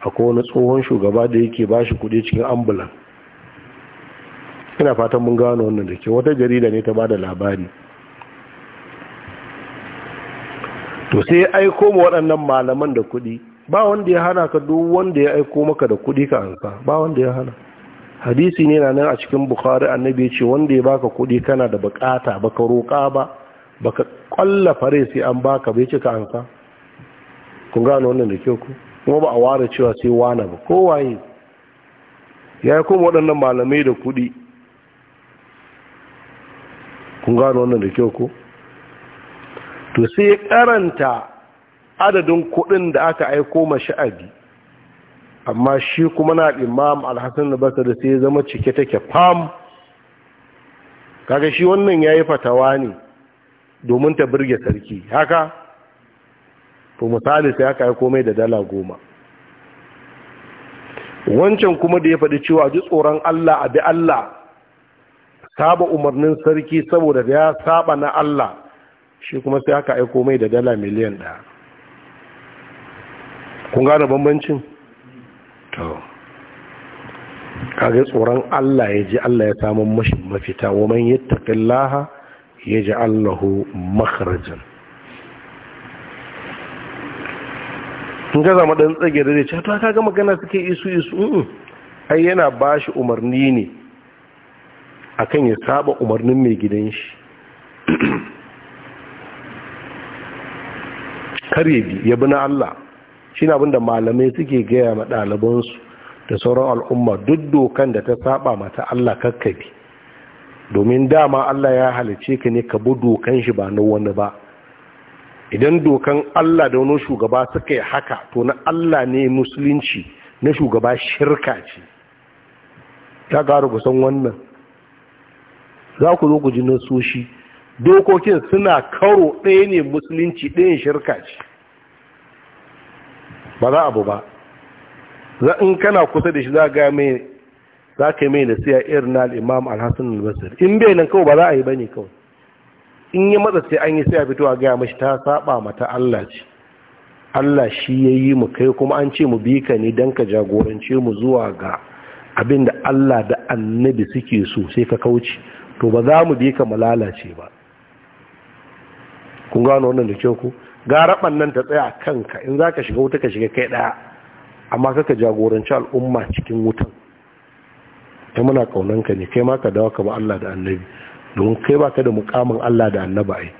akwai wani tsohon shugaba da yake ba shi kudi cikin ambulan ina fatan mun gano wannan da ke wata jarida ne ta ba da labari to sai ya aiko ma waɗannan malaman da kuɗi ba wanda ya hana ka duk wanda ya aiko maka da kuɗi ka ansa ba wanda ya hana hadisi ne na nan a cikin bukhari annabi ya ce wanda ya baka kuɗi kana da bukata baka roƙa ba baka ƙwalla fare sai an baka bai ce ka ansa kun gano wannan da kyau ku kuma ba a ware cewa sai wana ba kowaye ya yi kuma waɗannan malamai da kuɗi kun gano wannan da kyau ko to sai ya karanta adadin kuɗin da aka aiko ma sha'abi amma shi kuma na imam alhassan da basa da sai ya zama cike take fam kaga shi wannan ya yi fatawa ne domin ta birge sarki haka to misali sai aka aiko mai da dala goma wancan kuma da ya faɗi cewa ji tsoron allah abi allah saba umarnin sarki saboda da ya saba na Allah shi kuma sai aka aiko mai da dala miliyan ɗaya kun gane bambancin? to kage tsoron Allah ya ji Allah ya samun mashi mafita wa man yattaqillaha yaj'al lahu makhrajan in ga zama dan tsage da cewa ta kaga magana suke isu isu ai yana bashi umarni ne akan ya saba umarnin mai gidan shi kare bi ya bi na Allah shi na abinda malamai suke gaya ma ɗalibansu da sauran al'umma duk dokan da ta saba mata Allah kakkabi domin dama Allah ya halice ka ne ka bi dokan shi ba na wani ba idan dokan Allah da wani shugaba suka yi haka to na Allah ne musulunci na shugaba shirka ce ta gara kusan wannan za ku zo ku ji nasoshi dokokin suna karo ɗaya ne musulunci ɗaya shirka ce ba za abu ba za in kana kusa da shi za ga mai za ka yi mai da siya irin na al'imam alhassan albasir in bai nan kawai ba za a yi ba ne kawai in yi matsa sai an yi siya fito a gaya mashi ta saba mata Allah ce Allah shi ya yi mu kai kuma an ce mu bi ka ne don ka jagorance mu zuwa ga abin da Allah da annabi suke so sai ka kauce to ba za mu bi ka mu lalace ba kun gano wannan da kyau ku garaban nan ta tsaya kanka in za ka shiga wuta ka shiga kai ɗaya amma kaka jagoranci al'umma cikin wutan ta muna ƙaunanka ne kai ma ka dawo ka Allah da annabi domin kai ba ka da mukamin Allah da annaba ai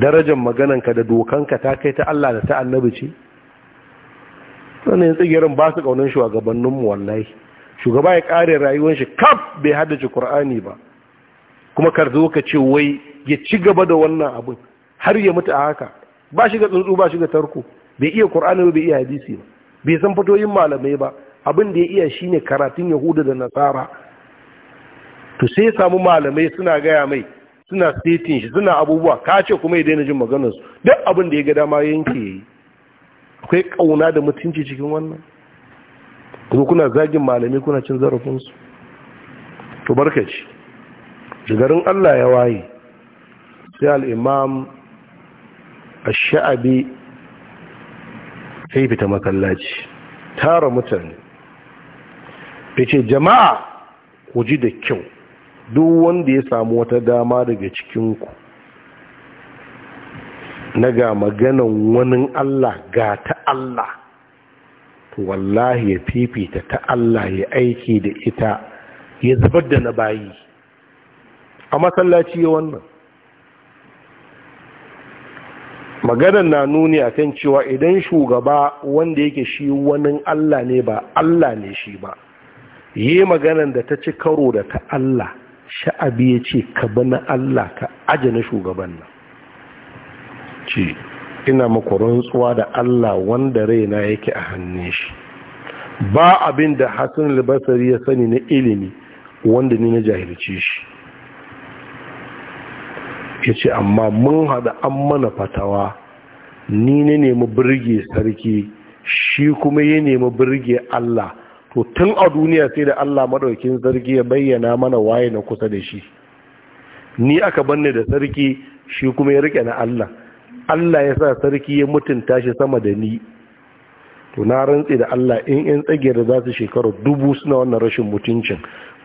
darajar magananka da dokanka ta kai ta Allah da ta annabi ce sannan tsigirin ba su ƙaunin shugabanninmu wallahi shugaba ya kare rayuwar shi kaf bai haddace Kur'ani ba kuma kar zo ka ce wai ya ci gaba da wannan abin har ya mutu a haka ba shi ga tsuntsu ba shi ga tarko bai iya qur'ani ba bai iya hadisi ba bai san fatoyin malamai ba abin da ya iya shine karatun yahuda da nasara to sai ya samu malamai suna gaya mai suna setin shi suna abubuwa ka ce kuma ya daina jin maganar su duk abin da ya ga dama yanke yayi akwai kauna da mutunci cikin wannan kuma kuna zagin malamai kuna cin zarafin su to barkaci Jigarin Allah ya waye sai al'imam a sha'abi sai fita makallaci tara mutane ya ce jama'a ku ji da kyau duk wanda ya samu wata dama daga cikinku na ga maganan wani Allah ga ta Allah wallahi ya fifita ta Allah ya aiki da ita ya zubar da na bayi a masallaci wannan maganar na nuni a kan cewa idan shugaba wanda yake shi wani Allah ne ba Allah ne shi ba yi maganar da ta ci karo da ta Allah sha'abi ya ce ka bana Allah ka aji na shugaban nan ce ina maku tsuwa da Allah wanda raina yake a hannun shi ba abin da Hassan al ya sani na ilimi wanda ni na jahilci shi ya ce amma mun haɗa an mana fatawa ni ne nemi birge sarki shi kuma ya nemi birge Allah to tun a duniya sai da Allah maɗaukin sarki ya bayyana mana waye na kusa da shi ni aka banne da sarki shi kuma ya rike na Allah Allah ya sa sarki ya mutunta shi sama da ni to na rantse da Allah in yan tsagiyar za su shekaru dubu suna wannan rashin mutuncin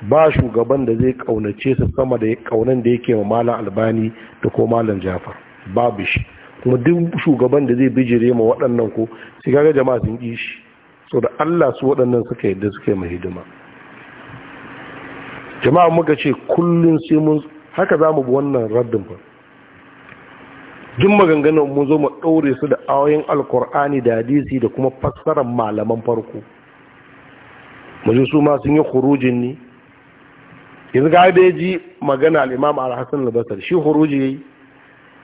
ba shugaban da zai kaunace su sama da kaunan da yake wa malam albani da ko malam jafar babu shi kuma duk shugaban da zai bijire ma waɗannan ko sai kaga jama'a sun ƙi shi so da Allah su waɗannan suka yadda suka yi mai hidima jama'a muka ce kullum sai mun haka za mu bi wannan raddin ba duk maganganun mun zo mu ɗaure su da ayoyin alkur'ani da hadisi da kuma fassarar malaman farko mu su ma sun yi khurujin ne yanzu ga da ya ji magana al-imam al hasan al-basar shi khuruji ya yi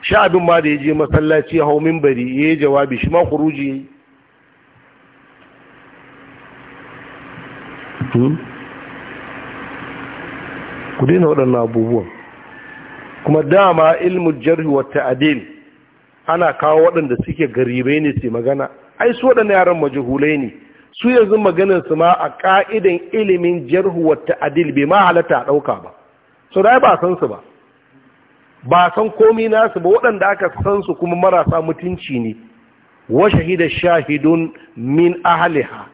shi abin ma da ya je masallaci hau minbari yayi jawabi shi ma khuruji yayi hmm? ku daina waɗannan abubuwan kuma dama ilmu jarhi wa ta'dil ana kawo waɗanda suke garibai ne su magana ai su waɗanda yaran majahulai ne su yanzu maganin su ma a ka'idan ilimin jarhu wa ta'dil bai ma halatta a ɗauka ba da dai ba san su ba ba san komi nasu ba waɗanda aka san su kuma marasa mutunci ne wa shahida shahidun min ahliha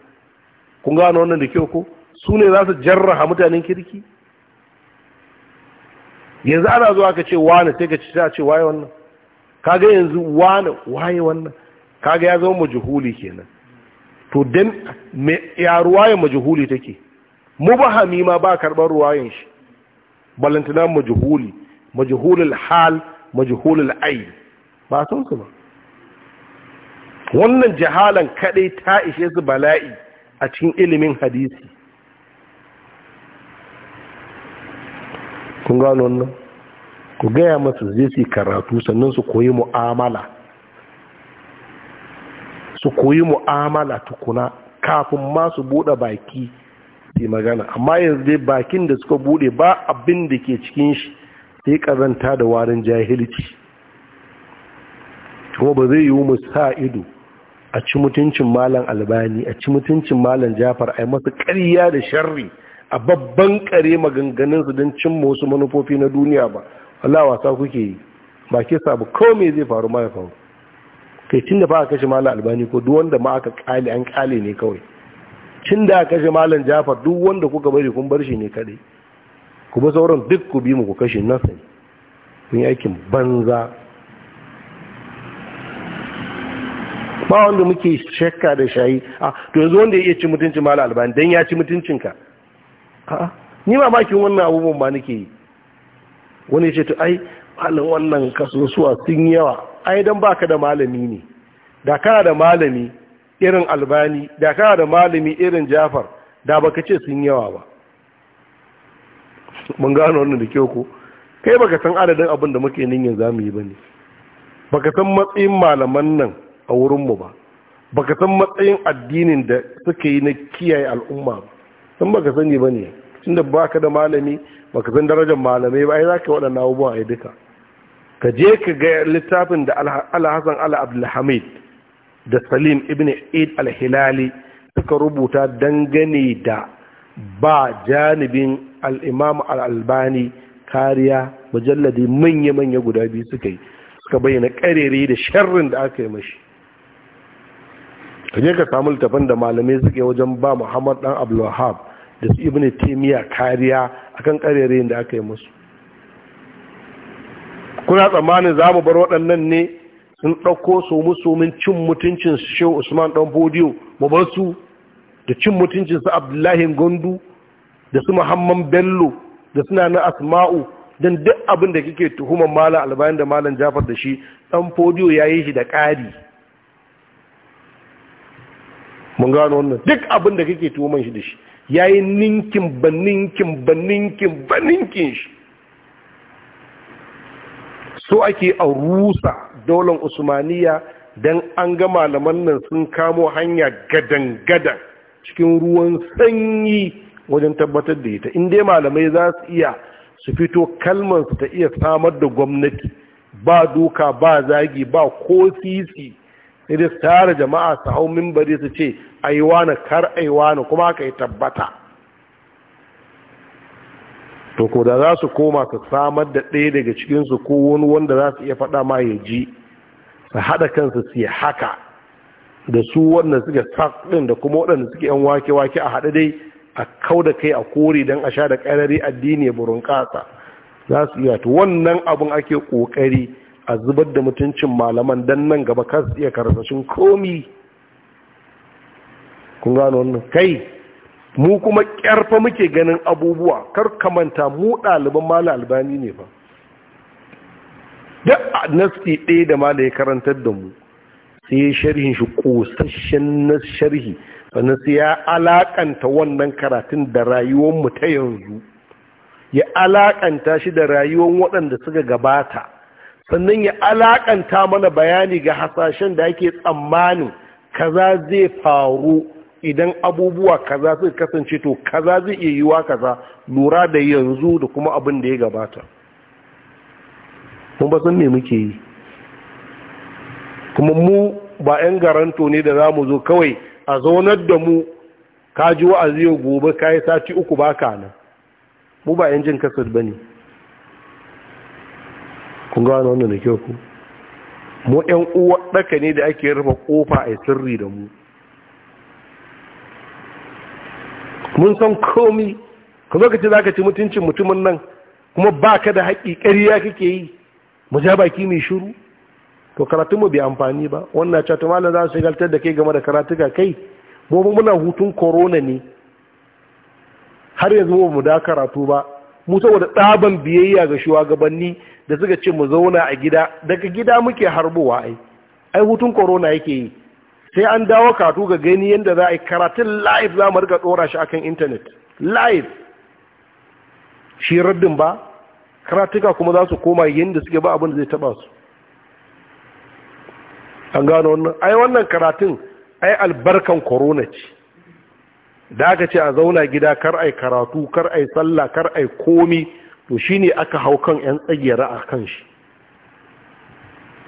kun gano wannan da kyau ko su ne za su jarraha mutanen kirki yanzu ana zuwa ka ce wani sai ka ci ta ce waye wannan kaga yanzu wane waye wannan kaga ya zama majhuli kenan to dan me ya ruwaya majhuli take mubahami ma ba karban ruwayan shi ballantana majhuli majhulul hal majhulul ayn ba sun su ba wannan jahalan kadai ta ishe su bala'i a cikin ilimin hadisi kun gano wannan ku gaya masu zai su karatu sannan su koyi mu'amala su koyi mu'amala tukuna kafin ma su buɗe baki su magana amma yanzu dai bakin da suka buɗe ba abin da ke cikin shi sai karanta da warin jahilci kuma ba zai yiwu mu sa ido a ci mutuncin malam albani a ci mutuncin malam jafar a yi masa ƙarya da sharri a babban kare maganganunsu don cimma wasu manufofi na duniya ba Allah wasa kuke yi ba ke sabu kawai mai zai faru ma ya faru kai tun da ba a kashe malam albani ko duk wanda ma aka kale an kale ne kawai tun da kashe malam jafar duk wanda kuka bari kun bar shi ne kadai ku ba sauran duk ku bi mu ku kashe nasa kun yi aikin banza ba wanda muke shakka da shayi a to yanzu wanda ya iya ci mutuncin malam albani dan ya ci mutuncinka a'a ni mamakin wannan abubuwan ba nake yi wani ce to ai malin wannan kasusuwa sun yawa ai ba baka da malami ne da kana da malami irin albani da kana da malami irin jafar da baka ce sun yawa ba mun gano wannan da kyau ko kai baka san adadin abin da muke ninyin zamu yi ba ba baka san matsayin malaman nan a wurin mu ba baka san matsayin addinin da suka yi na kiyaye al'umma ba san baka sani ba ne. tunda baka da malami baka san darajar malamai ba ai ka waɗanda abubuwa ya duka ka je ka ga littafin da Alhassan hassan da Salim ibn Eid Al-Hilali suka rubuta dangane da ba janibin alimam alalbani kariya mujalladi manya-manya guda biyu suka yi suka bayyana karere da sharrin da aka yi mashi ka je ka samu littafin da malamai suke wajen ba Muhammad dan abdulwahab da su ne taimiyya kariya a kan karerayin da aka yi musu kuna tsammanin za mu bar waɗannan ne sun ɗauko su musu min cin mutuncin su shehu usman ɗan bodiyo mu bar su da cin mutuncin su abdullahi gondu da su muhammad bello da suna na asma'u don duk abin da kike tuhumar malam albayan da malam jafar da shi ɗan bodiyo ya yi shi da ƙari mun gano wannan duk abin da kike tuhumar shi da shi ya yi ninkin ba ninkin ba ninkin ba ninkin shi so ake a rusa daular usmaniya don an ga malaman nan sun kamo hanya gadangada cikin ruwan sanyi wajen tabbatar da ita inda malamai za su iya su fito kalmansu ta iya samar da gwamnati ba doka ba zagi ba ko sisi sai dai tara jama'a su hau mimbari su ce aiwana kar aiwana kuma aka yi tabbata to ko da za su koma su samar da ɗaya daga cikinsu ko wani wanda za su iya faɗa ma ya ji su haɗa kansu su yi haka da su waɗanda suke ɗin da kuma waɗanda suke yan wake-wake a haɗa dai a kau da kai a kori don a sha da ƙarari addini ya burin ƙasa za su iya to wannan abin ake ƙoƙari a zubar da mutuncin malaman don nan gaba su iya karfashin komi kun gano wannan kai mu kuma kyarfa muke ganin abubuwa kar kamanta mu ɗaliban mala albani ne ba duk nasti ɗaya da mala ya karantar da mu sai sharhin shi ƙosashen na sharhi sannan sai ya alakanta wannan karatun da rayuwar mu ta yanzu ya alaƙanta shi da rayuwar waɗanda suka gabata sannan ya alaƙanta mana bayani ga hasashen da ake tsammanin kaza zai faru idan abubuwa kaza zai kasance to kaza zai iya yiwa kaza lura da yanzu da kuma abin da ya gabata mun ba ne muke yi kuma mu ba 'yan garanto ne da za mu zo kawai a zaunar da mu kaji ji wa'azi gobe kayi sati uku ba ka nan mu ba 'yan jin kasar ba ne kun gano wannan da ke ku mu yan uwa ɗaka ne da ake rufe ƙofa a sirri da mu mun san komi kuma za ka ci mutuncin mutumin nan kuma ba ka da haƙi ƙarya kake yi mu ja baki mai shiru to karatunmu bai amfani ba wannan cewa tumala za su shigaltar da kai game da karatuka kai mu muna hutun corona ne har yanzu mu da karatu ba mu saboda tsaban biyayya ga shugabanni da suka ce mu zauna a gida daga gida muke harbowa ai ai hutun corona yake yi sai an dawo katu ga gani yadda za a yi karatun live za mu rika dora shi akan intanet live shi raddin ba karatuka kuma za su koma yadda suke ba abin da zai taba su an gano wannan ai wannan karatun ai albarkan corona ce da aka ce a zauna gida kar ai karatu kar ai sallah kar ai komi to shine aka hau kan yan tsagiyar a kan shi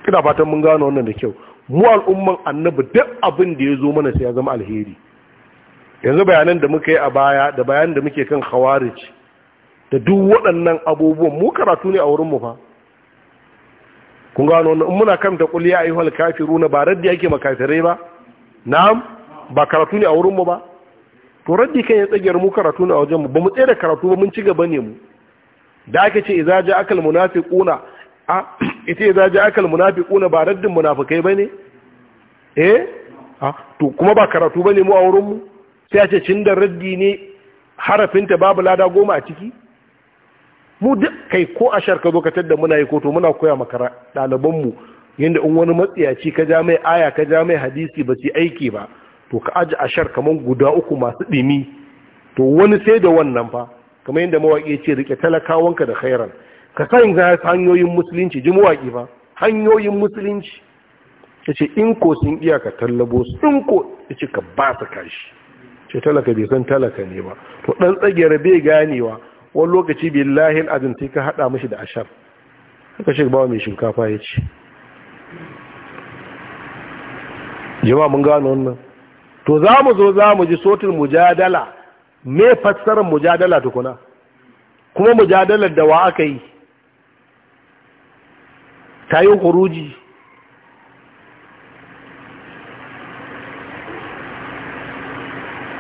Kina fatan mun gano wannan da kyau mu al'umman annabi duk abin da ya zo mana sai ya zama alheri yanzu bayanan da muka yi a baya da bayanan da muke kan khawarij da duk waɗannan abubuwan mu karatu ne a wurin mu fa kun gano wannan muna kan ta ya ayyuhal kafiruna ba raddi yake makafirai ba na'am ba karatu ne a wurin mu ba to raddi kan ya tsagiyar mu karatu na wajen mu ba mu tsaye da karatu ba mun ci gaba ne mu da aka ce idza ja akal munafiquna a ita idza ja akal munafiquna ba raddin munafikai bane eh a to kuma ba karatu bane mu a wurin mu sai a ce cin da raddi ne harafinta babu lada goma a ciki mu duk kai ko a sharka zo ka tadda muna yi ko to muna koya maka ɗalibanmu yadda in wani matsiyaci ka ja mai aya ka ja mai hadisi ba su aiki ba to ka aji ashar kamar guda uku masu dimi to wani sai da wannan fa kamar yadda mawaki ya ce rike talakawanka da khairan ka san hanyoyin musulunci ji mawaki fa hanyoyin musulunci ya ce in ko sun iya ka tallabo sun in ko ya ce ka ba su kashi ce talaka bai san talaka ne ba to dan tsagiyar bai ganewa wani lokaci billahi azin sai ka haɗa mashi da ashar haka shi bawa mai shinkafa ya ce jama'a mun gano wannan to za mu zo za mu ji sotin mujadala me fassarar mujadala tukuna kuma mujadalar da wa aka yi ta yi huruji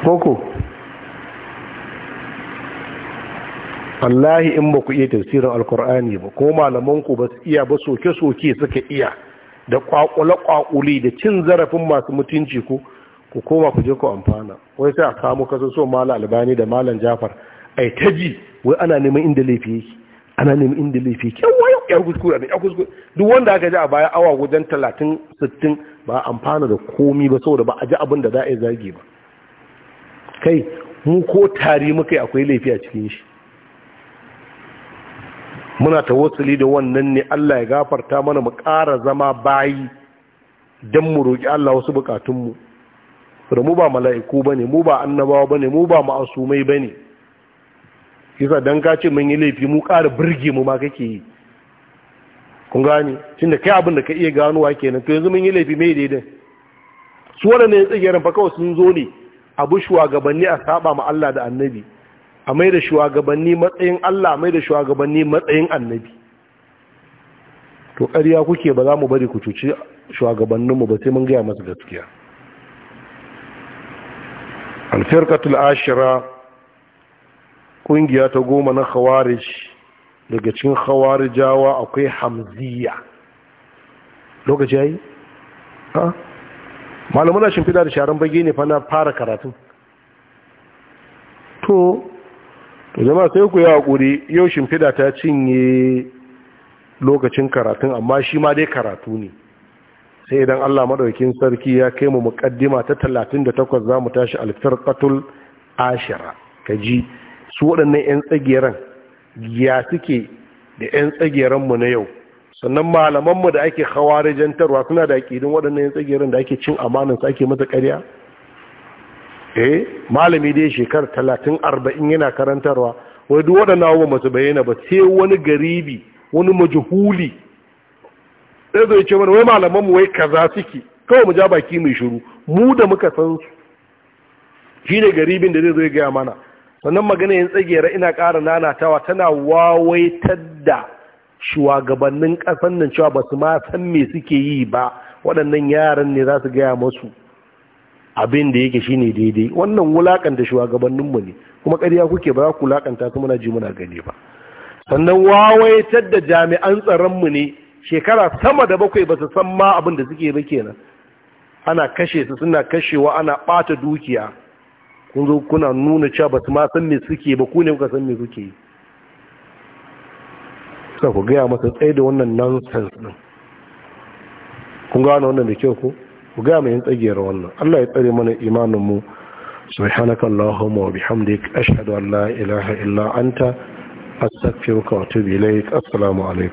koko allahi in ba ku iya tafsirin alkur'ani ba ko malamanku ba su iya ba soke-soke suka iya da kwakwale-kwakwule da cin zarafin masu mutunci ko ku koma ku je ku amfana wai sai a kamo kaso so malam albani da malam jafar ai ta ji wai ana neman inda laifi yake ana neman inda laifi yake wayo yar kuskure ne yar kuskure duk wanda aka ji a baya awa wajen 30 60 ba amfana da komi ba saboda ba a ji abin da za a zagi ba kai mu ko tari muka akwai laifi a cikin shi muna tawassuli da wannan ne Allah ya gafarta mana mu ƙara zama bayi dan mu roƙi Allah wasu buƙatunmu da mu ba mala'iku ba ne mu ba annabawa ba ne mu ba ma'asumai ba ne kisa don ka ce mun yi laifi mu ƙara birge mu ma kake yi kun gani da kai abin da ka iya ganowa kenan to yanzu mun yi laifi mai daidai su waɗanda ya tsagiyarin fa kawai sun zo ne abu shugabanni a saba ma Allah da annabi a mai da shugabanni matsayin Allah a mai da shugabanni matsayin annabi to ƙarya kuke ba za mu bari ku cuci shugabanninmu ba sai mun gaya masa gaskiya alfirkatul ashira ƙungiya ta goma na khawarij daga cikin khawarijawa akwai hamziya lokaci ya ha? malamuna shimfida da sharan bage ne fa na fara karatu to to jama'a sai ku yi hakuri yau shimfida ta cinye lokacin karatu amma shi ma dai karatu ne sai idan Allah madaukin sarki ya kai mu muqaddima ta 38 zamu tashi al-firqatul ashira kaji su waɗannan ƴan tsagiran ya suke da ƴan tsagiran mu na yau sannan malaman mu da ake khawarijantarwa suna da aqidin waɗannan ƴan tsagiran da ake cin amanan su ake masa ƙarya eh malami dai shekar 30 40 yana karantarwa wai duk waɗannan abubuwan ba su bayyana ba sai wani garibi wani majhuli sai zai ce wani wai malaman mu wai kaza suke kawai mu ja baki mai shiru mu da muka san su shine ne garibin da zai zo ya gaya mana sannan magana yin tsagera ina ƙara nanatawa tana wawaitar da shugabannin ƙasar nan cewa ba su ma san me suke yi ba waɗannan yaran ne za su gaya masu abin da yake shine daidai wannan wulakanta shugabanninmu ne kuma ƙarya kuke ba za ku wulakanta su muna ji muna gani ba sannan wawaitar da jami'an tsaronmu ne shekara sama da bakwai ba su san ma abin da suke ba kenan ana kashe su suna kashewa ana ɓata dukiya kun zo kuna nuna cewa ba su ma san me suke ba ku ne kuka san me suke? yi sa ku gaya masa tsaye da wannan nonsense din kun gano wannan da kyau ko ku gaya mai yin tsagiyar wannan Allah ya tsare mana imanin mu subhanaka allahumma wa bihamdik ashhadu an la ilaha illa anta astaghfiruka wa atubu ilaik assalamu alaikum